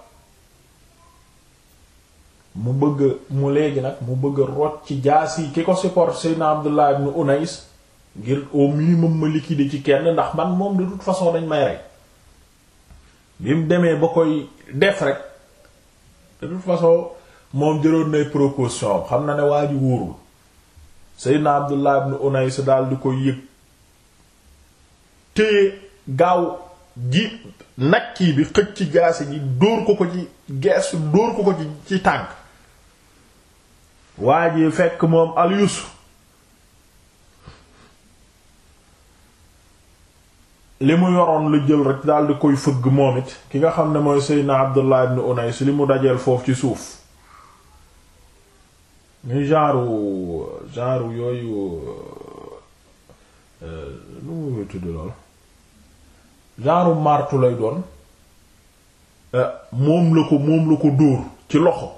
mu bëgg mu léegi nag mu bëgg a ci jaas yi ki ko support Seydina Abdullah ibn Unais ngir au minimum ma liquider ci kenn ndax man moom de toute façon dañ may rek bi mu demee ba koy def rek de toute façon moom jëloon nay proposition xam na ne waa ji wóorul Seydina Abdullah ibn Unais daal di koy yëg téye gaaw ji nakki bi xëcc ci jaasi dóor ko ko ci gees dóor ko ko ci ci tànk waa ji fekk moom al Yusuf li mu yoroon la jël rek daldi koy fëgg moom it ki nga xam ne mooy Seydina Abdullah ibn Unais li mu dajeel foofu ci suuf ñuy genre genre yooyu euh, nu mu tudd lool genre martu lay doon euh, moom la ko moom la ko dóor ci loxo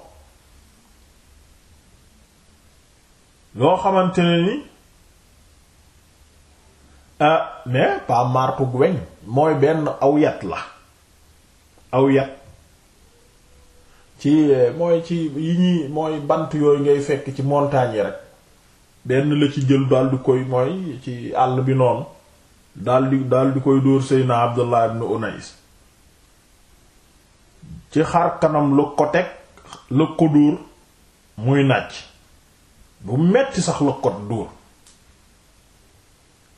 loo xamante ne ni euh, mais pas martu weñ mooy benn awyat la awyat ci euh, mooy ci yi ñuy mooy bant yooyu ngay fekk ci montagne yi rek benn la ci jël daal du koy mooy ci àll bi noonu daldi daldi koy dóor Seydina Abdullah ibn Unais ci xar kanam la ko teg la ko dóor muy nàcc bu metti sax la ko dóor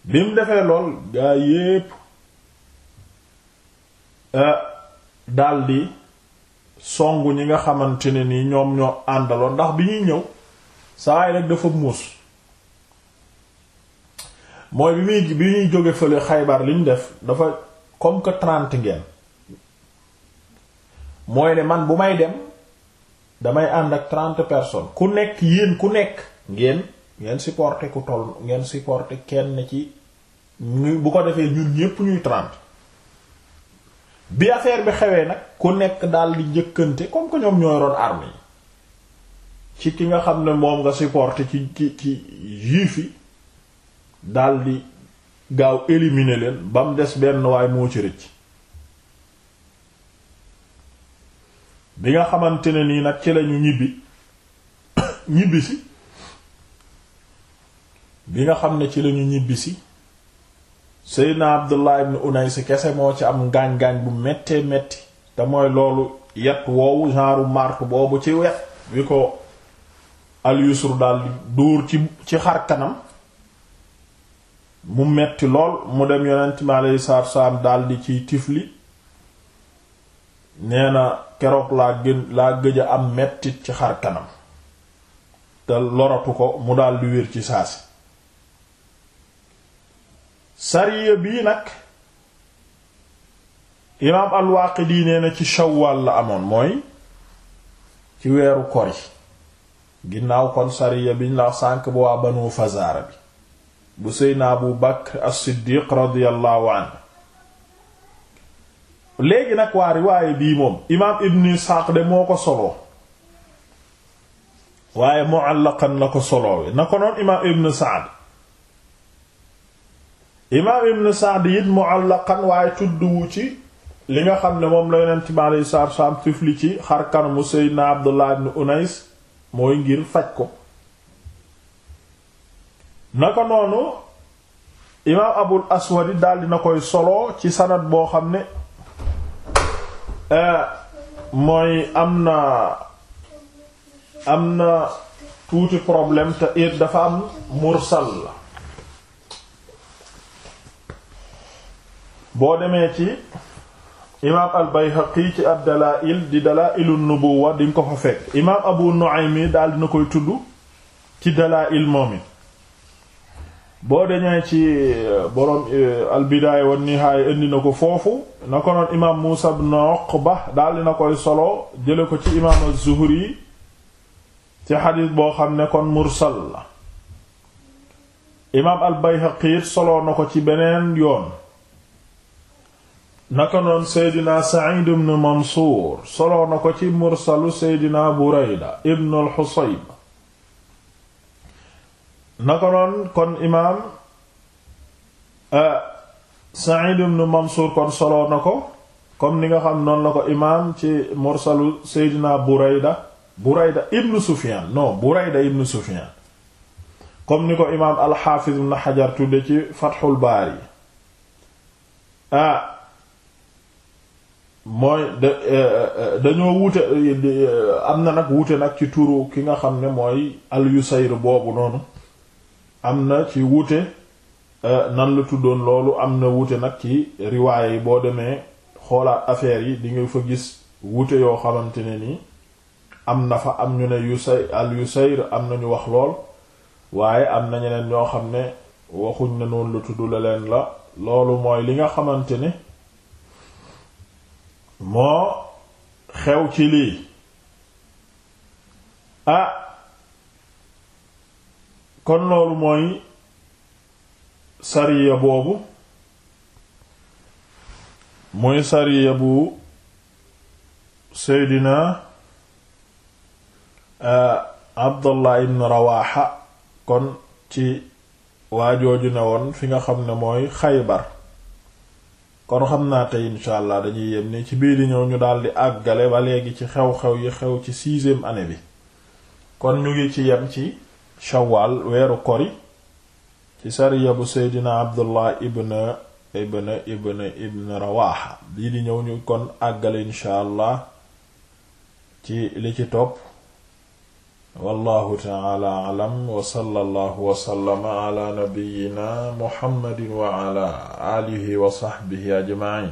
bi mu defee lool gaa yépp euh, daldi songu ñi nga xamante ne ni ñoom ñoo àndaloo ndax bi ñuy ñëw saa yi rek dafa muus mooy bi muy bi ñuy jóge fële xaybar li ñu def dafa comme que trente ngeen mooy ne man bu may dem damay ànd ak trente personnes ku nekk yéen ku nekk ngeen ngeen supporter ku toll ngeen supporter kenn ci ñu bu ko defee ñun ñépp ñuy trente bi affaire bi xewee nag ku nekk daal di njëkkante comme que ñoom ñooy roon arme yi ci ki nga xam ne moom nga supporter ci ci ci juif yi daldi gaaw éliminer leen ba des benn waay moo ci rëcc bi nga xamante nii nag ci lañu ñibbi ñibbisi bi nga xam ne ci lañu ñibbisi Seydina Abdullah ibn Unays kese moo ci am ngaañ-ngaañ bu méttee metti te mooy loolu yet woowu genre marque boobu ci wex wi ko al yusru daal ci xar kanam mu metti lool mu dem yonent mi aleyhi salaatu wasalaam daldi ciy tifli nee na keroog laa gën laa gëj am mettit ci xar kanam te loratu ko mu daldi wér ci saasi sariya bii nag imaam al-Waaqidi na ci shawwal la amoon mooy ci weeru kori ginnaaw kon sariya bi ñu la sànk bu waa Banu Fazaara bi bu seydna abu bakr as-siddiq radiyallahu anhu léegi nag waa riwaaye bii moom imaam ibn isxaaq de moo ko soloo waaye mu'allaqan la ko soloowe na ko noon imaam ibn saad imaam ibn saad it mu'allaqan waaye tudduwu ci li nga xam ne moom la yonent bi alayhi salaatu wa ci xar kanamu seydna abdullah ibn unais mooy ngir faj ko naka noonu imaam abul aswadi daldi na koy solo ci sanad boo xam ne eh, mooy am na am na tuuti problème te it dafa am mursal boo demee ci imaam al bayhaqi ci ab dalaa'il di dalaa'ilu nubuwa di nga ko fa fekk imaam abu nu'aymi daldi na koy tudd ci dalaa'il moom it boo dañee ci euh, borom euh, albidaaya wa nihaaya indi na ko foofu na ko noon imaam Muusa ibn Uqba daldi na koy solo jële ko ci imaam az-Zuhri ci xadiis boo xam ne kon mursal la imaam al-Bayhaqi solo na ko ci beneen yoon naka noon seydina Sa'id ibn Mansuur solo na ko ci mursalu seydina Burayda ibn al-Husayb na ko noon kon imaam Sa'id ibn Mansuur kon soloo na ko comme ni nga xam noon la ko imaam ci mursalu Seydina Burayda Burayda ibn Sufyaan non Burayda ibn Sufyaan comme ni ko imaam al-Hafiz ibn Hajar tudde ci Fathul Baari ah mooy e, e, dañoo wuute e, am na nag wuute nag ci turu ki nga xam ne mooy al-Yusayr boobu noonu am na ci wuute euh, nan la tuddoon loolu am na wuute nag ci riwaay yi boo demee xoolaat affaire yi di nga fa gis wuute yoo xamante ne nii am na fa am ñu ne Yusay al Yusayr am na ñu wax lool waaye am na ñeneen ñoo xam ne waxuñ ne noonu lu tudd la leen la loolu mooy li nga xamante ne moo xew ci lii ah, kon loolu mooy sariya boobu mooy sariya bu seydina abdullah ibn rawaxa kon ci waa waajooju ne woon fi nga xam ne mooy xaybar kon xam naa tey insha allah dañuy yem ni ci biir yi ñëw ñu di àggale ba léegi ci xew-xew yi xew ci sixième année bi kon ñu ngi ci yem ci shawaal weeru kori ci sariya bu seydina abdullah ibn ibn ibn ibn rawaxa lii di ñëw ñu kon àggal insha allah ci li ci topp wallahu taala alam wa sallallahu wa sallama ala nabiyyina muhammadin wa ala wa sahbihi ajma'in